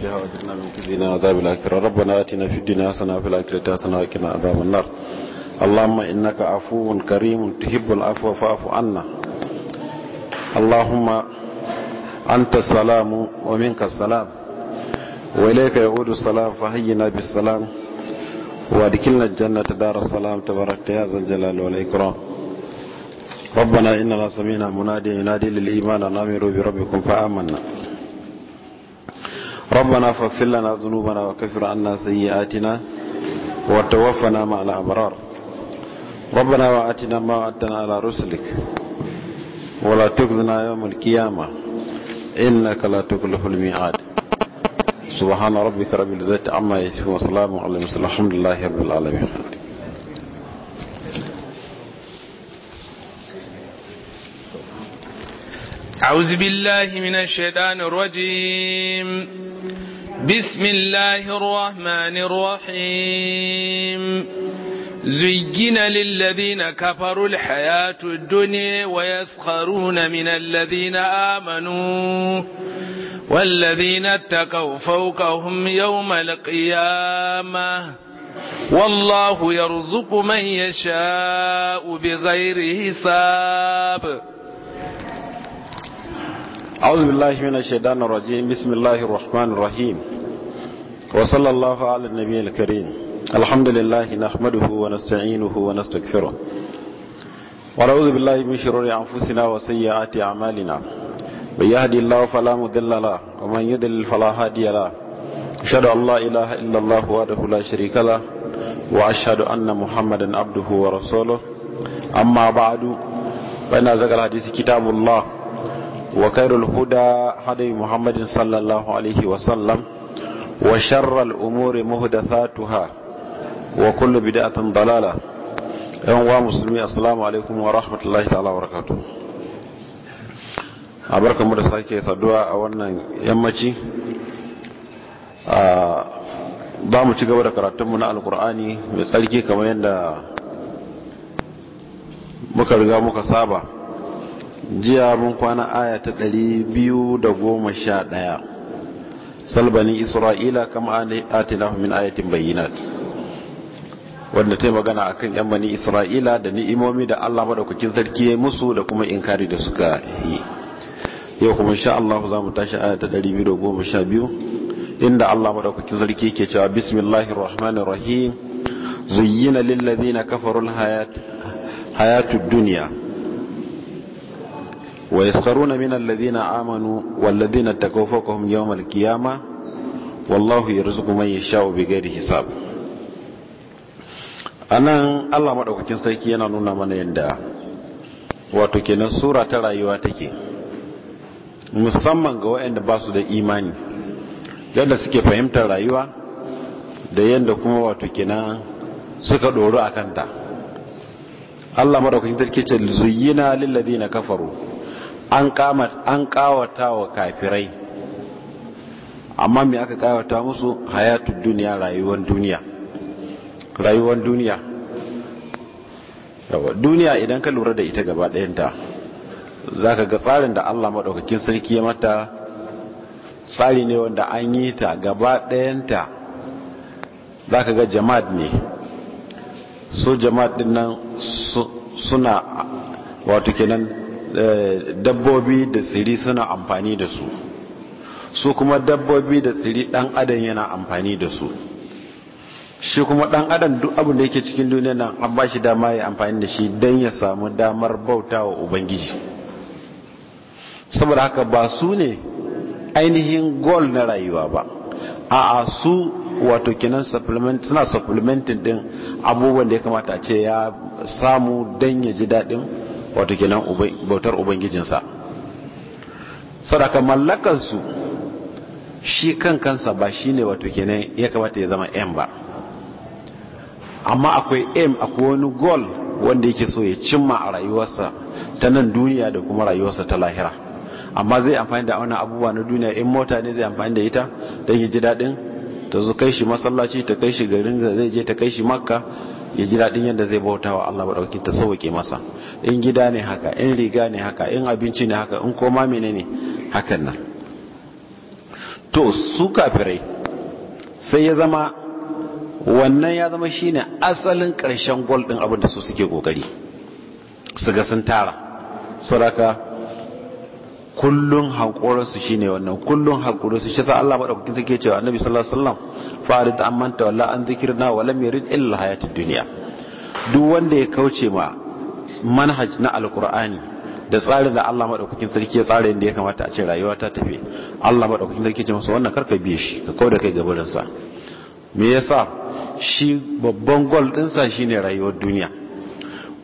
بها وجدنا من كزينا عذاب الآخرة ربنا آتنا في الدنيا حسنة وفي الآخرة حسنة وقنا عذاب النار اللهم إنك عفو كريم تحب العفو فاعف عنا اللهم أنت السلام ومنك السلام وإليك يعود السلام فهينا بالسلام وادخلنا الجنة دار السلام تبارك يا ذا الجلال والإكرام ربنا إننا سمعنا منادي ينادي للإيمان أن آمنوا بربكم فآمنا ربنا فاغفر لنا ذنوبنا وكفر عنا سيئاتنا وتوفنا مع الأبرار ربنا وآتنا ما وعدتنا على رسلك ولا تخزنا يوم القيامة إنك لا تخلف الميعاد سبحان ربك رب العزة عما يصفون وسلام على المرسلين الحمد لله رب العالمين أعوذ بالله من الشيطان الرجيم بسم الله الرحمن الرحيم زين للذين كفروا الحياة الدنيا ويسخرون من الذين آمنوا والذين اتقوا فوقهم يوم القيامة والله يرزق من يشاء بغير حساب أعوذ بالله من الشيطان الرجيم بسم الله الرحمن الرحيم وصلى الله على النبي الكريم الحمد لله نحمده ونستعينه ونستغفره ونعوذ بالله من شرور أنفسنا وسيئات أعمالنا من يهدي الله فلا مضل له ومن يضلل فلا هادي له أشهد أن لا إله إلا الله وحده لا شريك له وأشهد أن محمدا عبده ورسوله أما بعد فإن أزكى الحديث كتاب الله وخير الهدى هدي محمد صلى الله عليه وسلم Wa وشر الأمور مهدثاتها وكل بدعة ضلالة ‘yan musulmi assalamu alaikum wa rahmatullahi ta'ala wa rakatu a barkan mu da sake saduwa a wannan yammaci za mu ci gaba da karatunmu na alkur'ani mai tsarki kamar yadda muka riga muka saba jiya mun kwana aya ta ɗari biyu da goma sha ɗaya. salbani isra'ila kama atinahu min ayatin bayyinat wanda ta magana akan yan bani isra'ila da ni'imomi da Allah madaukakin sarki ya musu da kuma inkari da suka yi yau kuma insha Allah za mu tashi aya ta 212 inda Allah madaukakin sarki yake cewa bismillahir rahmanir rahim zuyyina lil ladina kafaru al hayat hayatud dunya ويسخرون من الذين آمنوا والذين اتقوا فوقهم يوم القيامة والله يرزق من يشاء بغير حساب anan Allah madaukakin sarki yana nuna mana yadda wato kenan sura ta rayuwa musamman ga waɗanda ba su da imani yadda suke fahimtar rayuwa da yadda kuma wato kenan suka ɗoru a kanta Allah madaukakin sarki zuyina lillazi na kafaru an kawata wa kafirai amma me aka kawata musu hayatu duniya rayuwar duniya rayuwar duniya duniya idan ka lura da ita gaba ɗayanta za ka ga tsarin da allah maɗaukakin sarki ya mata tsari ne wanda an yi ta gaba ɗayanta za ka ga jama'ad ne su jama'ad din nan suna wato kenan Eh, dabbobi da tsiri suna amfani da su su kuma dabbobi da tsiri dan adam yana amfani da su shi kuma dan adam duk abin da yake cikin duniya nan an ba shi dama ya amfani da shi dan ya samu damar bauta wa ubangiji saboda haka ba su ne ainihin gol na rayuwa ba a su wato kinan supplement suna supplementing din abubuwan da ya kamata ce ya samu dan ya ji daɗin wato kenan bautar ubangijinsa sadaka mallakansu shi kan kansa ba shi ne wato kenan ya kamata ya zama m ba amma akwai m akwai wani goal wanda yake so ya cimma a rayuwarsa ta nan duniya da kuma rayuwarsa ta lahira amma zai amfani da wani abubuwa na duniya in mota ne zai amfani da ita don yi ji daɗin ta zo kai shi masallaci ta kai shi garin da zai je ta kai shi makka ya ji daɗin yadda zai bauta wa Allah maɗauki ta sauke masa in gida ne haka in riga ne haka in abinci ne haka in koma mene ne hakan nan to su kafirai sai ya zama wannan ya zama shine asalin ƙarshen gwal ɗin abin da su suke ƙoƙari su ga sun tara sadaka. kullun hankoran su shine wannan kullun hankoran su shi sa Allah madaukakin take cewa annabi sallallahu alaihi wasallam farid amanta wala an zikirna wa lam yurid illa hayatid dunya duk wanda ya kauce ma manhaj na alqur'ani da tsarin da Allah madaukakin sarki ya tsara inda ya kamata a ce rayuwa ta tafi Allah madaukakin sarki ya ce masa wannan karka biye shi ka kauda kai gabarin sa me yasa shi babban goal din sa shine rayuwar duniya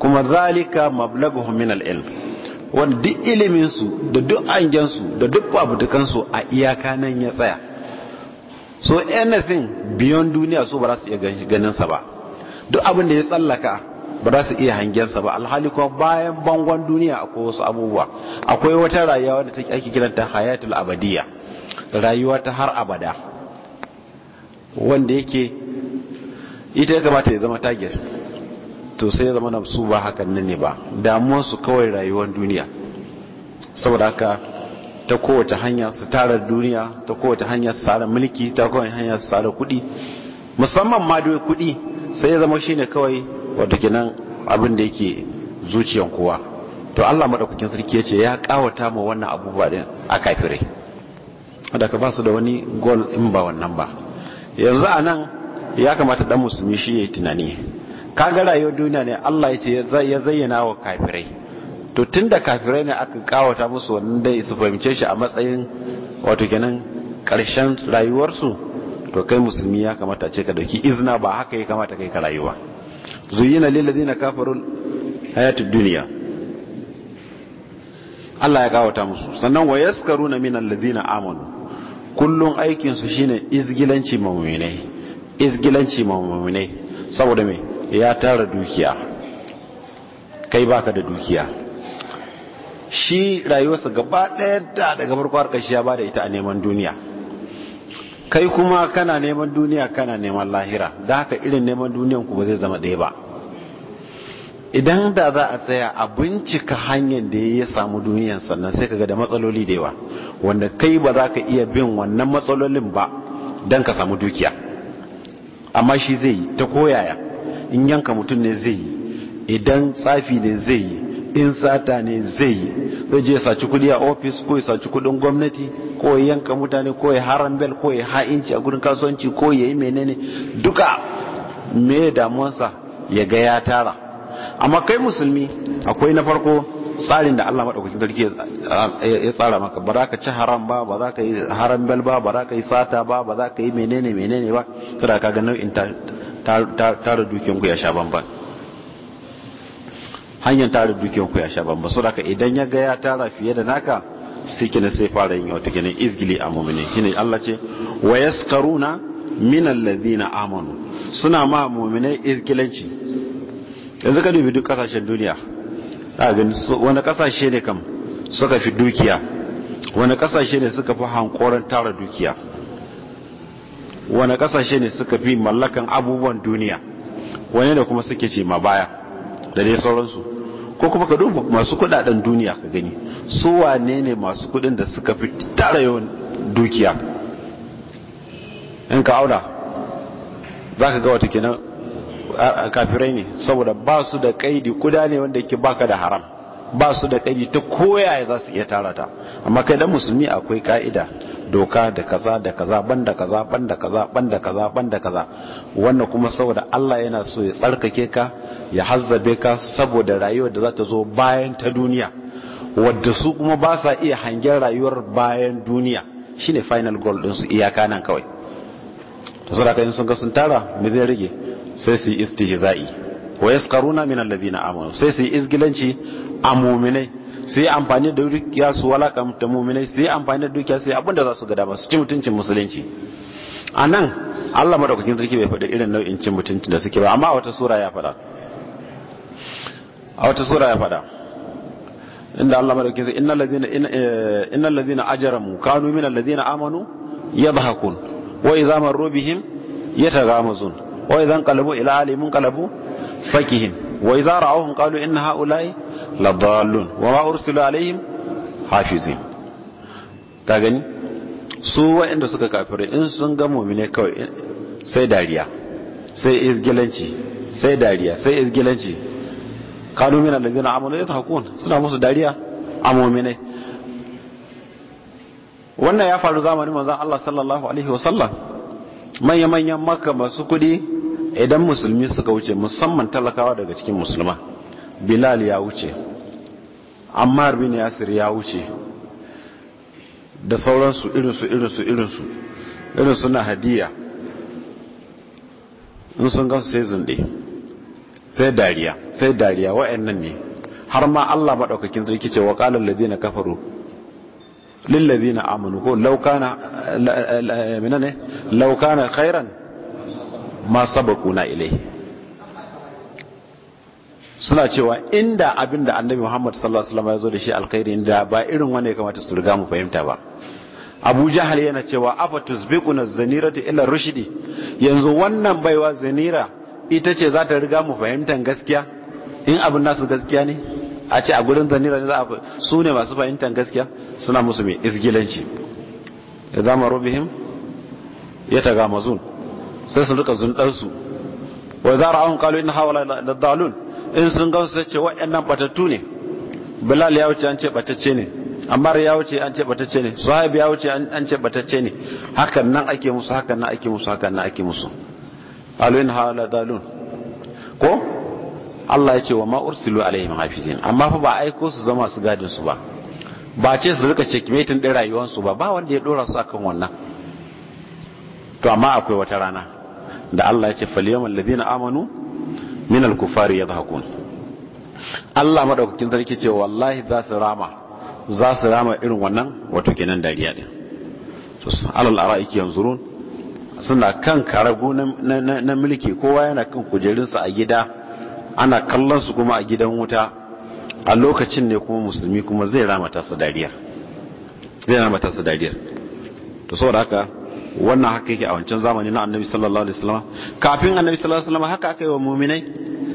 kuma zalika mablaguhum min al-ilm wanda duk iliminsu da duk angensu da duk babutukansu a iyaka nan ya tsaya so anything beyond duniya so ba za su iya ganinsa ba duk abin da ya tsallaka ba za su iya hangensa ba alhali kuma bayan bangon duniya akwai wasu abubuwa akwai wata rayuwa da ta ake ta hayatul abadiya rayuwa ta har abada wanda yake ita ya kamata ya zama target to sai ya zama na su ba hakan nan ne ba su kawai rayuwar duniya saboda haka ta kowace hanya su tara duniya ta kowace hanya su tsara mulki ta kowace hanya su tsara kuɗi musamman ma da kuɗi sai ya zama shi ne kawai wato kenan abin da yake zuciyan kowa to Allah madaukakin sarki ya ce ya kawata ma wannan abubuwa din a kafirai da ka ba su da wani goal in ba wannan ba yanzu anan ya kamata dan musulmi shi ya yi tunani kaga rayuwar duniya ne Allah ya ce ya zayyana wa kafirai to tunda kafirai ne aka kawata musu wannan dai su fahimce shi a matsayin wato kenan karshen rayuwarsu to kai musulmi ya kamata ce ka dauki izina ba haka ya kamata kai ka rayuwa zuyina lil ladina kafaru hayatud dunya Allah ya kawata musu sannan wa yaskaruna min alladhina amanu kullun aikin su shine izgilanci mu'minai izgilanci mu'minai saboda me ya tara dukiya kai baka da dukiya shi rayuwarsa gaba ɗaya da daga farko har ƙarshe ya bada ita a neman duniya kai kuma kana neman duniya kana neman lahira da haka irin neman duniyan ku ba zai zama ɗaya ba idan da za a tsaya a bincika hanyar da ya samu duniyan sannan sai kaga da matsaloli da yawa wanda kai ba za ka iya bin wannan matsalolin ba don ka samu dukiya amma shi zai yi ta koyaya in yanka mutum ne zai yi idan tsafi ne zai yi in sata ne zai yi zai je saci kudi a ofis ko ya saci kudin gwamnati ko ya yanka mutane ko ya haram bel ko ya ha'inci a gurin kasuwanci ko ya yi menene duka me damuwarsa ya ga ya tara amma kai musulmi akwai na farko tsarin da Allah maɗaukakin sarki ya tsara maka ba za ka ci haram ba ba za ka yi haram bel ba ba za ka yi sata ba ba za ka yi menene menene ba kada ka ga nau'in tara ku ya sha bamban hanyar tara ku ya sha bamban so daga idan ya ga ya tara fiye da naka sai kina sai fara yin wata kina izgili a mu'mini kina Allah ce wa na min alladhina amanu suna ma mu'minai izgilanci yanzu ka dubi duk kasashen duniya a wani kasashe ne kam suka fi dukiya wani kasashe ne suka fi hankoran tara dukiya wani kasashe ne suka fi mallakan abubuwan duniya wani da kuma suke ce ma baya da dai sauransu ko kuma ka duba masu kudaden duniya ka gani su wane ne masu kudin da suka fi tara yawan dukiya in ka auna za ka ga wata kenan kafirai ne saboda ba su da kaidi kuda ne wanda ke baka da haram ba su da kai ta koya ya za su iya tara ta amma kai dan musulmi akwai ka'ida doka da kaza da kaza banda kaza banda kaza banda kaza banda kaza wannan kuma saboda Allah yana so ya tsarkake ka ya hazzabe ka saboda rayuwar da za ta zo bayan ta duniya wadda su kuma ba sa iya hangen rayuwar bayan duniya shine final goal din su iyaka nan kawai to saboda kai sun ga sun tara me zai rage sai su yi istihza'i wa yasqaruna min alladhina amanu sai su izgilanci a mu'minai su amfani da dukiya su walakanta mu'minai su amfani da dukiya sai abinda za su ga dama su ci mutuncin musulunci a nan Allah madaukakin sarki bai faɗi irin nau'in cin mutuncin da suke ba amma a wata sura ya faɗa a wata sura ya faɗa inda Allah madaukakin sarki innal ladina eh, innal ladina ajramu kanu min alladina amanu yadhakun wa idza marru bihim yatagamazun wa idza qalabu ila alimin qalabu fakihin وإذا رأوهم قالوا إن هؤلاء ha'ula'i وما wa ma حافظين alaihim hafizin إن gani كافر إن suka kafire in sun ga mu'mine kawai sai dariya sai izgilanci sai dariya sai izgilanci kanu wannan ya faru zamanin manzon Allah sallallahu alaihi wasallam manya-manyan makka masu kudi idan musulmi suka wuce musamman talakawa daga cikin musulma bilal ya wuce ammar bin yasir ya wuce da sauransu irinsu irinsu irinsu irinsu na hadiya in sun gan sai zunde sai dariya sai dariya wa'annan ne har ma Allah maɗaukakin zirki ce wa ƙalar ladina kafaru lillazina amanu ko laukana na laukana khairan ma na ilai suna cewa inda abinda annabi Muhammad sallallahu alaihi wasallam ya zo da shi alkhairi da ba irin wanda ya kamata su riga mu fahimta ba Abu Jahal yana cewa afa tusbiquna zanira ila rushdi yanzu wannan baiwa zanira ita ce za ta riga mu fahimtan gaskiya in abin nasu gaskiya ne a ce a gurin zanira ne za a su ne masu fahimtan gaskiya suna musu mai isgilanci ya zama rubihim ya tagamazun sai su rika zundansu wa za ra'ahum qalu inna hawala la dalun in sun ga sai ce wa'annan batattu ne bilal ya wuce an ce batacce ne ammar ya wuce an ce batacce ne sahib ya wuce an ce batacce ne hakan nan ake musu hakan nan ake musu hakan nan ake musu qalu inna hawala dalun ko Allah ya ce wa ma ursilu alaihim hafizin amma fa ba aiko su zama su gadin su ba ba ce su rika checkmating din rayuwarsu ba ba wanda ya dora su akan wannan to amma akwai wata rana da Allah ya ce falyamal ladina amanu min ya yadhakun Allah madaukakin sarki ce wallahi za su rama za su rama irin wannan wato kenan dariya din to alal ara'iki yanzurun suna kan karago na mulki kowa yana kan kujerinsa a gida ana kallon su kuma a gidan wuta a lokacin ne kuma musulmi kuma zai ta su dariya. zai ta su dariya to saboda haka wannan haka yake a wancan zamani na annabi sallallahu alaihi wasallam kafin annabi sallallahu alaihi wasallam haka aka yi wa mu'minai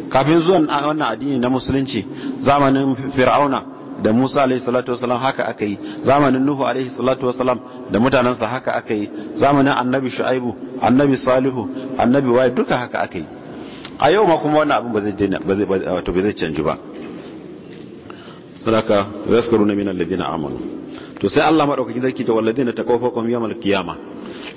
kafin zuwan wannan addini na musulunci zamanin fir'auna da Musa alaihi salatu wasallam haka aka yi zamanin Nuhu alaihi salatu wasallam da mutanansa haka aka yi zamanin annabi Shu'aibu annabi Salihu annabi Wai duka haka aka yi a yau ma kuma wannan abin ba zai daina ba zai wato ba zai canji ba saraka yaskuruna min alladhina amanu to sai Allah madaukakin sarki da walladina taqaw yawmal qiyamah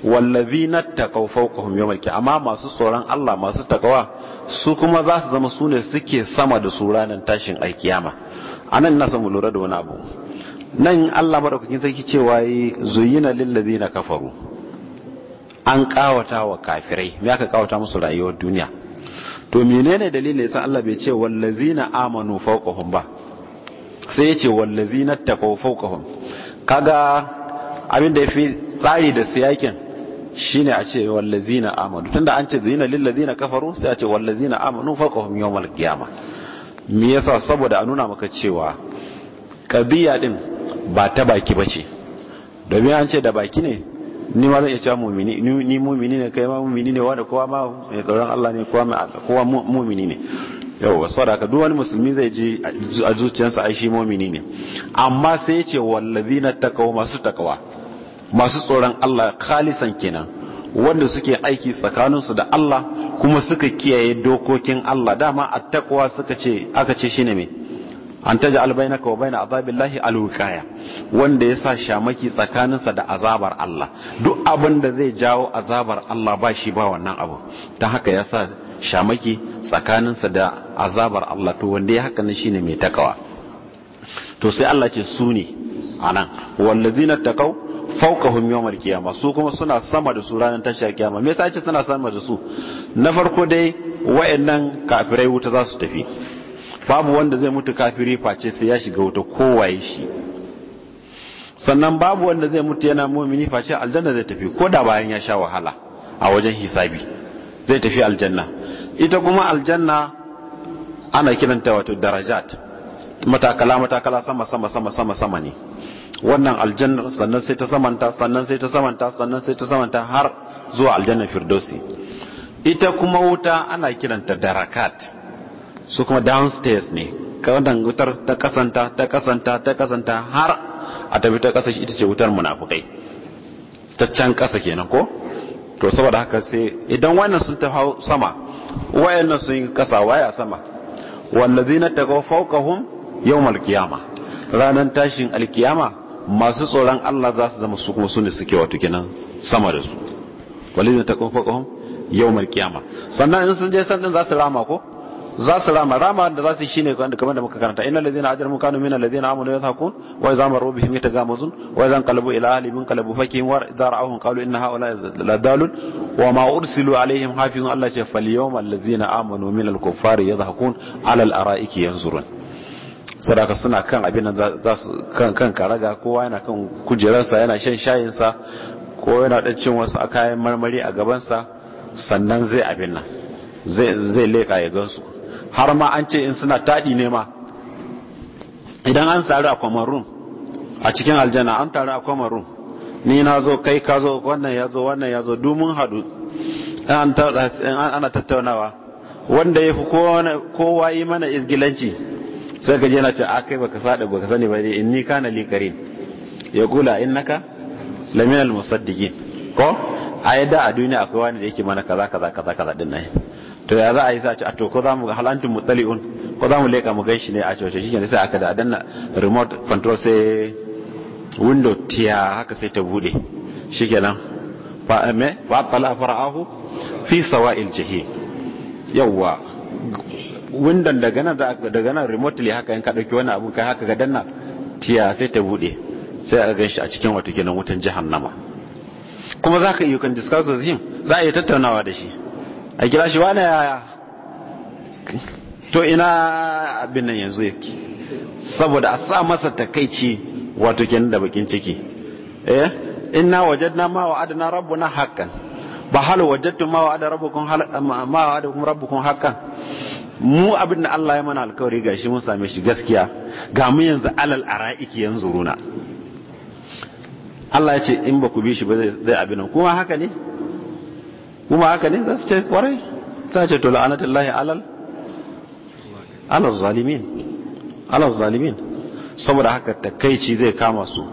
Wallazi wallazina taqaw fawqahum yawmal amma masu tsoron Allah masu takawa su kuma za su zama sune suke sama da su ranar tashin alkiyama a nan nasa mu lura da wani abu nan Allah madaukakin sarki cewa zuyina lil na kafaru an ƙawata wa kafirai me aka ƙawata musu rayuwar duniya to menene dalilin yasa Allah bai ce wallazi na amanu fawqahum ba sai ya ce wallazina taqaw fawqahum kaga abin da ya fi tsari da siyakin Shi ne a ce wallazina amanu tunda an ce zina lil ladzina kafaru sai a ce wallazina amanu faqahum yawmal qiyama me yasa saboda a nuna maka cewa qadiya din ba ta baki bace domin an ce da baki ne ni ma zan iya cewa mumini ni mumini ne kai ma mumini ne wanda kowa ma mai tsoron Allah ne kowa kowa mumini ne yau sadaka duk wani musulmi zai ji a zuciyarsa ai shi mumini ne amma sai ya ce wallazina taqaw masu takawa masu tsoron Allah khalisan kenan wanda suke aiki tsakaninsu da Allah kuma suka kiyaye dokokin Allah dama attaqwa suka ce aka ce shine me an taja albainaka wa baina azabillahi alwiqaya wanda ya sa shamaki tsakaninsa da azabar Allah duk abin da zai jawo azabar Allah ba shi ba wannan abu ta haka ya sa shamaki tsakaninsa da azabar Allah to wanda ya haka ne shine mai takawa to sai Allah ce su ne anan wallazina takau? Fauka yawmar kiyama su kuma suna sama da su ranar tashar kiyama me yasa yace suna sama da su na farko dai wayannan kafirai wuta za su tafi babu wanda zai mutu kafiri face sai ya shiga wuta kowaye shi sannan babu wanda zai mutu yana mumini face aljanna zai tafi ko da bayan ya sha wahala a wajen hisabi zai tafi aljanna ita kuma aljanna ana kiranta wato darajat matakala matakala sama sama sama sama sama ne wannan aljannar sannan sai ta samanta sannan sai ta samanta sannan sai ta samanta har zuwa aljannar firdausi ita kuma wuta ana kiranta darakat su kuma downstairs ne wannan wutar ta kasanta ta kasanta ta kasanta har a tafi ta kasa ita ce wutar munafukai ta can kasa kenan ko to saboda haka sai idan wannan sun ta hau sama wayannan sun yi kasa waya sama wallazina tagaw fawqahum yawmal qiyamah ranan tashin alkiyama masu tsoron Allah za su zama su kuma su ne suke wato kenan sama da su walidin ta kun faƙon yau mal kiyama sannan in sun je san sannan za su rama ko za su rama rama da za su yi shine kamar da muka karanta innal ladina ajramu kanu minal ladina amanu yathakun wa idza maru bihim yatagamazun wa zan kalabu ila ahlihim qalabu fakihim wa idza ra'awhum qalu inna haula ladalun wa ma ursilu alaihim hafizun Allah ce fal yawmal ladina amanu minal kuffari yadhakun ala al ara'iki yanzurun sadaka suna kan abin nan za su kan kan karaga kowa yana kan kujerarsa yana shan shayinsa ko yana dan cin wasu kayan marmari a gabansa sannan zai abin nan zai zai leka ya gansu har ma an ce in suna tadi ne ma idan an tsari a kwamarun a cikin aljanna an taru a kwamarun ni na zo kai ka zo wannan ya zo wannan ya zo dumin hadu ana tattaunawa wanda ya fi kowa yi mana izgilanci sai ka je na ce a ah, kai baka sada baka sani ba ni kana li karin ya kula innaka lamina al musaddiqin ko a yadda a duniya akwai wani da yake mana kaza kaza kaza kaza din nan to ya za a yi sace a to ko zamu hal antum mutali'un ko zamu leka mu shi ne a coce shi ne sai aka da danna remote control sai window tiya haka sai ta bude shikenan fa me fa tala fara'ahu fi sawa'il jahim yawwa windon daga nan daga nan remotely haka in ka dauki wani abu kai haka ga danna tiya sai ta bude sai a ganshi a cikin wato kenan wutan jahannama kuma zaka yi kan discuss with him za a yi tattaunawa da shi a kira shi wani yaya to ina abin nan yanzu yake saboda a sa masa takaici wato kenan da bakin ciki eh inna wajadna ma adna rabbuna haqqan ba hal wajadtum ma wa'ada rabbukum ma wa'adakum rabbukum haqqan mu abin da Allah ya mana alkawari ga shi mun same shi gaskiya ga mu yanzu alal ara'iki yanzu runa Allah ya ce in ba ku bi shi ba zai abin kuma haka ne kuma haka ne za su ce kwarai za ce to la'anatullahi alal alal zalimin alal zalimin saboda haka takaici zai kama su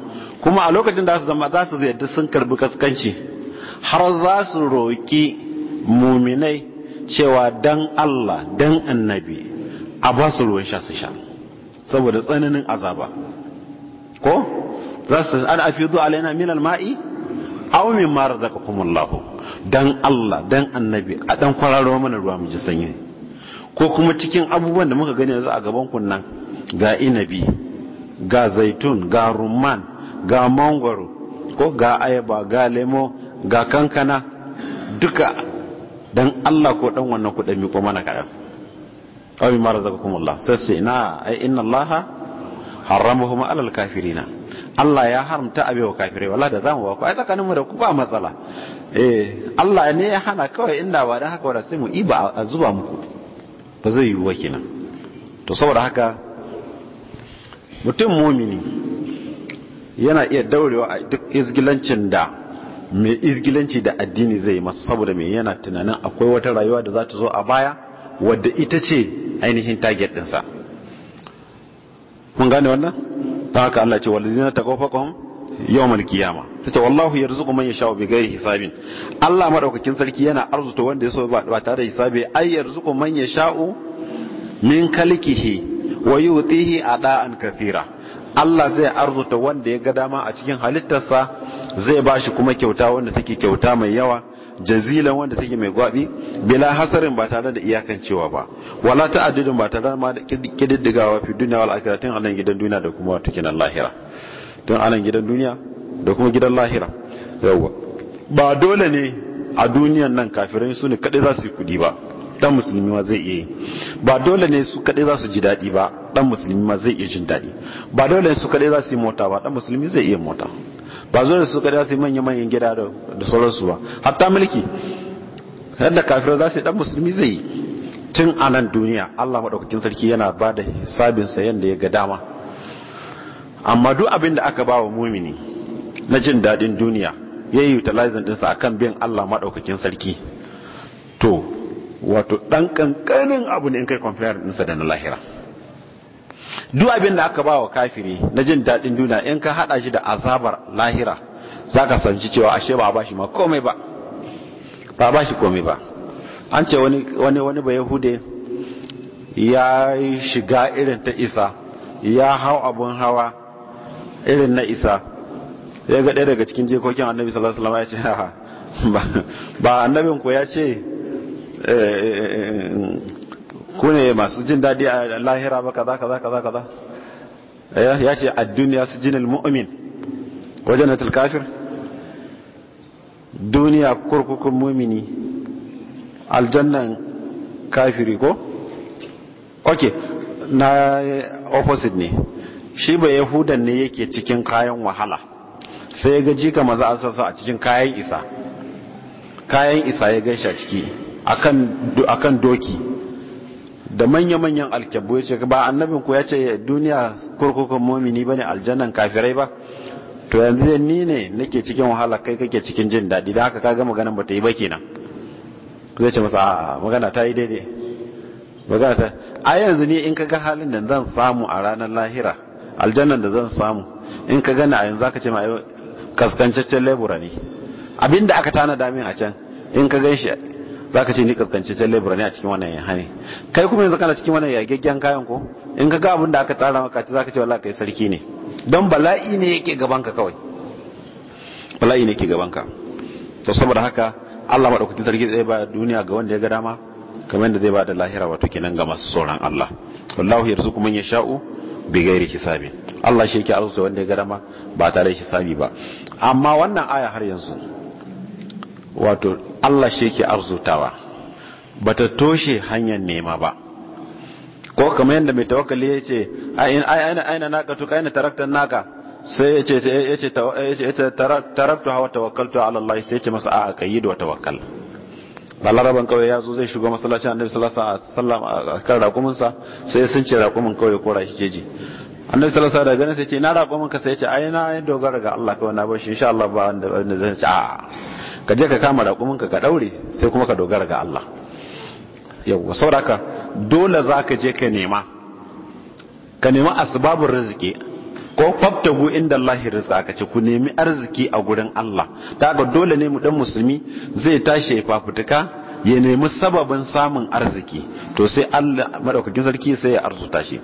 kuma a lokacin da su zama za su yadda sun karbi kaskanci har za su roƙi muminai cewa dan Allah dan annabi a ba su ruwan sha su sha saboda tsananin azaba ko za su ana afidu alaina min alma'i aw min ma razaqakumullah dan Allah dan annabi a dan kwararo mana ruwa mu ji sanyi ko kuma cikin abubuwan da muka gani yanzu a gaban kunna ga inabi ga zaitun ga rumman ga mangwaro ko ga ayaba ga lemo ga kankana duka dan Allah ko dan wannan ku dan miko mana kadan aw mimma Allah. sai na ai inna Allah haramahum alal kafirina Allah ya haramta abewa kafirai wallahi da zamu ba ku ai tsakanin mu da ku ba matsala eh Allah ne ya hana kawai inda ba da haka wala sai mu iba a zuba muku ba zai yiwu kenan to saboda haka mutum mumini yana iya daurewa a duk izgilancin da mai izgilanci da addini zai masa saboda mai yana tunanin akwai wata rayuwa da za ta zo a baya wadda ita ce ainihin target ɗinsa mun gane wannan ta haka Allah ce yau taqawfaqahum yawmal ta ce wallahu yarzuqu man sha bi gairi hisabin Allah madaukakin sarki yana arzuta wanda so ba tare da hisabi ay yarzuqu man yasha'u min kalkihi wa yutihi ada'an kathira Allah zai arzuta wanda ya ga dama a cikin halittarsa zai bashi kuma kyauta wanda take kyauta mai yawa jazilan wanda take mai gwabi bila hasarin ba tare da iyakancewa ba wala ta'addudin ba tare ma da kididdigawa fi duniya wal akhiratin anan gidan duniya da kuma wato kinan lahira don anan gidan duniya da kuma gidan lahira yawa ba dole ne a duniyan nan kafirai su ne kadai za su yi kudi ba dan musulmi ma zai iya ba dole ne su kadai za su ji daɗi ba dan musulmi ma zai iya jin daɗi ba dole ne su kadai za su yi mota ba dan musulmi zai iya mota ba zo da su kada su manya-manyan gida da sauransu ba hatta mulki yadda kafir za su yi dan musulmi zai yi tun a nan duniya allah maɗaukakin sarki yana ba da hisabinsa yadda ya ga dama amma duk abin da aka ba wa mumini na jin daɗin duniya ya yi utilizing ɗinsa akan biyan allah maɗaukakin sarki to wato ɗan ƙanƙanin abu ne in kai kwamfiyar ɗinsa da na lahira duk abin da aka ba wa kafiri na jin daɗin duniya in ka haɗa shi da azabar lahira za ka sanci cewa ashe ba ba shi ma komai ba ba ba shi komai ba an ce wani wani ba yahude ya shiga irin ta isa ya hau abun hawa irin na isa ya ga ɗaya daga cikin jikokin annabi sallallahu alaihi wasallam ya ce ba annabin ko ya ce eh, eh, eh, ku ne masu jin daɗi a lahira ba kaza kaza kaza kaza ya ce a duniya su mu'min wajen na kafir duniya kurkukun mumini aljannan kafiri ko? ok na opposite ne shi ba yahudan ne yake cikin kayan wahala sai ya gaji ka maza a sassa a cikin kayan isa kayan isa ya a ciki akan doki da manya-manyan alkyabu ya ce ba annabin ku ya ce duniya kurkukun momini ba ne aljannan kafirai ba to yanzu ni ne nake cikin wahala kai kake cikin jin daɗi da haka kaga maganan ba ta yi ba kenan zai ce masa a magana ta yi daidai magana ta a yanzu ne in kaga halin da zan samu a ranar lahira aljannan da zan samu in ka gana a yanzu zaka ce ma kaskancaccen lebura ne abinda aka tana damin a can in ka gan shi za ka ce ni kaskanci can lebura ne a cikin wannan hane kai kuma yanzu kana cikin wannan yagaggen kayan ko in ka ga abin da aka tsara maka za ka ce wallahi kai sarki ne don bala'i ne yake gaban ka kawai bala'i ne yake gaban ka to saboda haka Allah madaukakin sarki zai ba duniya ga wanda ya ga dama kamar yadda zai ba da lahira wato kenan ga masu sauran Allah wallahu ya man yasha'u bighairi hisabi Allah shi yake arzuta wanda ya ga dama ba tare da hisabi ba amma wannan aya har yanzu wato Allah shi ke arzutawa ba ta toshe hanyar nema ba ko kamar yadda mai tawakali ya ce aina aina naka tuka aina taraktan naka sai ya ce ya taraktu hawa tawakkaltu a Allah sai ya ce masa a kayi da tawakkal ba laraban kawai ya zo zai shiga masallacin annabi sallallahu alaihi wasallam a kan rakumin sai sun ce rakumin kawai ko shi jeji annabi sallallahu alaihi wasallam ganin sai ce na rakumin ka sai ya ce aina dogara ga Allah kawai na bar shi insha Allah ba wanda zai ce a ka je ka kama raƙumin ka ɗaure sai kuma ka dogara ga Allah Yau, sauraka dole za ka je ka nema ka nema asibabin rizki ko fabtagu inda Allahi rizka ka ce ku nemi arziki a gurin Allah ta ga dole ne mu dan musulmi zai tashi ya fafutuka ya nemi sababin samun arziki to sai Allah maɗaukakin sarki sai ya arzuta tashi.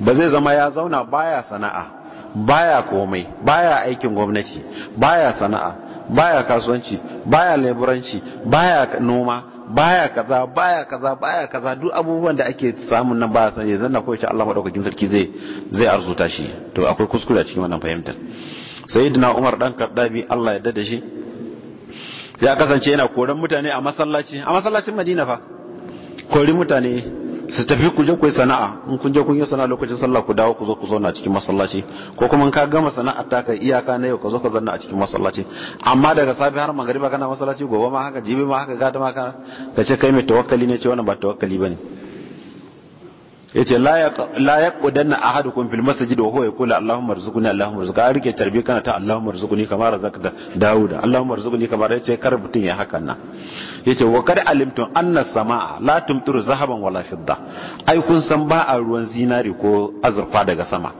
ba zai zama ya zauna baya sana'a baya komai baya aikin gwamnati baya sana'a baya kasuwanci baya leburanci baya noma baya kaza baya kaza baya kaza duk abubuwan da ake samun nan baya sanya zan na ko insha Allah madaukakin sarki zai zai arzuta shi to akwai kuskure a cikin wannan fahimtar sayyidina Umar dan Kaddabi Allah ya dade shi ya kasance yana koran mutane a masallaci a masallacin Madina fa kori mutane su tafi ku je ku yi sana'a in kun je kun yi sana'a lokacin sallah ku dawo ku zo ku zauna cikin masallaci ko kuma ka gama sana'a ta kai iyaka na yau ka zo ka zanna a cikin masallaci amma daga safe har magariba kana masallaci gobe ma haka jibi ma haka gata ma ka ka ce kai mai tawakkali ne ce wannan ba tawakkali bane yace la yaqudanna ahadukum fil masjid wa huwa yaqulu allahumma arzuqni allahumma arzuqni ka rike tarbi kana ta allahumma arzuqni kamar zakka dauda allahumma arzuqni kamar yace kar mutun ya hakan nan yace wa kad alimtum anna samaa la tumtiru zahaban wala fidda ai kun san ba a ruwan zinari ko azurfa daga sama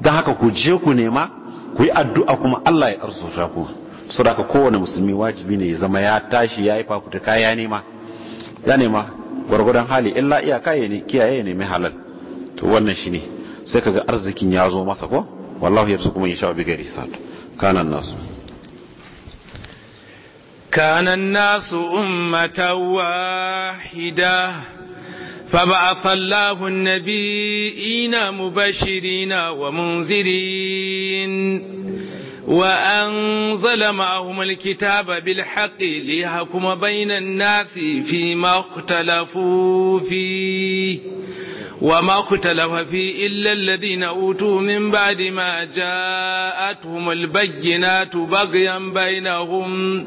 dan haka ku je ku nema ku yi addu'a kuma Allah ya arzuta ku saboda kowane musulmi wajibi ne ya zama ya tashi ya yi kaya ya nema ya nema gwargwadon hali illa iyaka ya ne kiyaye ya nemi halal to wannan shine sai kaga arzikin ya zo masa ko wallahu kuma insha Allah bi gari sa kana nasu كان الناس أمة واحدة فبعث الله النبيين مبشرين ومنذرين وأنزل معهم الكتاب بالحق ليحكم بين الناس فيما اختلفوا فيه وما اختلف فيه إلا الذين أوتوا من بعد ما جاءتهم البينات بغيا بينهم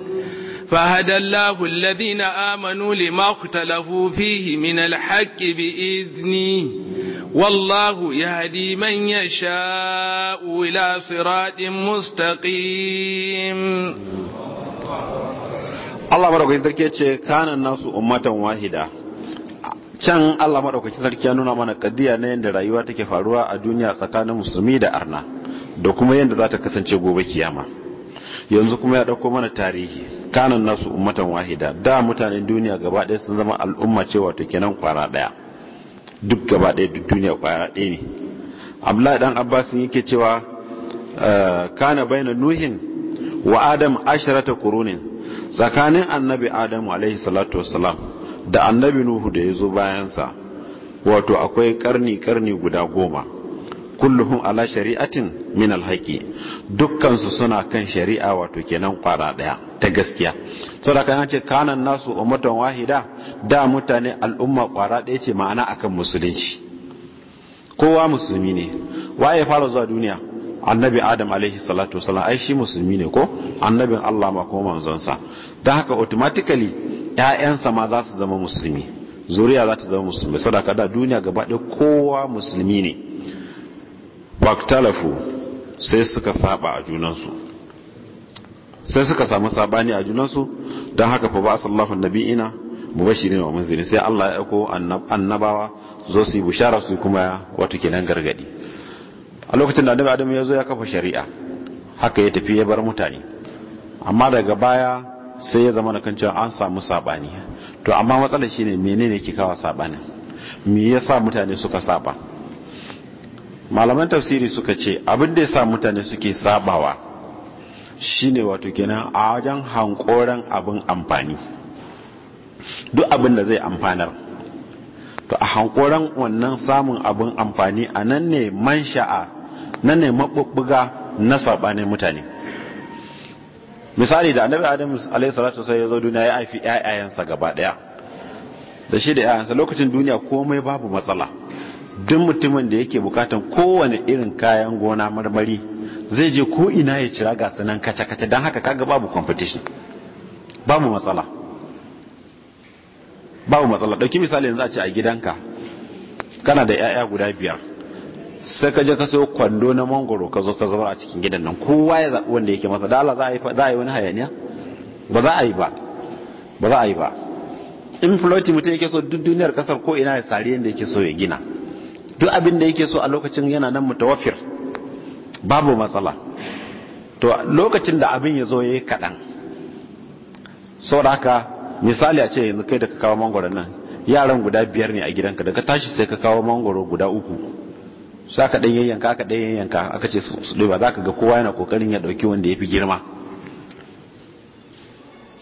فهدى الله الذين آمنوا لما اختلفوا فيه من الحق بإذنه والله يهدي من يشاء إلى صراط مستقيم Allah maɗaukakin sarki ce kanan nasu ummatan wahida can Allah maɗaukakin sarki ya nuna mana kadiya na yadda rayuwa take faruwa a duniya tsakanin musulmi da arna da kuma yadda za ta kasance gobe kiyama yanzu kuma ya dauko mana tarihi kanan nasu ummatan wahida da mutanen duniya gaba ɗaya sun zama al'umma cewa to kenan kwara ɗaya duk gaba ɗaya duk duniya kwara ɗaya ne abdullahi dan abbas yake cewa eh, kana baina nuhin wa adam asharata qurunin tsakanin annabi adam alaihi salatu wassalam da annabi nuhu da ya zo bayansa wato akwai karni karni guda goma kulluhum ala shari'atin min alhaqi dukkansu suna kan shari'a wato kenan kwara daya ta gaskiya to da kan ce kanan nasu ummatan wahida da mutane al'umma kwara daya ce ma'ana akan musulunci kowa musulmi ne waye fara zuwa duniya annabi adam alaihi salatu wasallam ai shi musulmi ne ko annabin Allah ma manzon sa dan haka automatically ƴaƴansa ma za su zama musulmi zuriya za ta zama musulmi sadaka da duniya gaba ɗaya kowa musulmi ne waktalafu sai suka saba a junansu sai suka samu sabani a junansu don haka fa ba sallahu nabi'ina mubashirin wa munzirin sai Allah ya aiko annabawa zo su yi bushara su kuma wato kenan gargadi a lokacin da annabi Adamu ya zo ya kafa shari'a haka ya tafi ya bar mutane amma daga baya sai ya zama na kan cewa an samu sabani to amma matsalar shine menene ke kawo sabanin me yasa mutane suka saba malaman tafsiri suka ce abin da ya sa mutane suke sabawa shine wato kenan a wajen hankoran abin amfani duk abin da zai amfanar to a hankoran wannan samun abin amfani a nan ne man sha'a nan ne maɓuɓɓuga na saɓanin mutane misali da annabi Adamu alaihi salatu sai ya zo duniya ya haifi ƴaƴayansa gaba ɗaya da shi da ƴaƴansa lokacin duniya komai babu matsala duk mutumin da yake bukatan kowane irin kayan gona marmari zai je ko ina ya cira gasa nan kace-kace don haka kaga babu competition babu matsala babu matsala dauki misali yanzu a ce a gidanka kana da 'ya'ya guda biyar sai ka je ka sayo kwando na mangoro ka zo ka zubar a cikin gidan nan kowa ya zaɓi wanda yake masa dala za a yi wani hayaniya ba za a yi ba ba za a yi ba in floti mutum yake so duk duniyar kasar ko ina ya sari yadda yake so ya gina duk abin da yake so a lokacin yana nan mutawaffir babu matsala to lokacin da abin ya zo ya yi kaɗan saboda haka misali a ce yanzu kai da ka kawo mangoro nan yaran guda biyar ne a gidanka da ka tashi sai ka kawo mangoro guda uku sa ka ɗan yayyanka aka ɗan yayyanka aka ce su su ba za ka ga kowa yana kokarin ya ɗauki wanda ya fi girma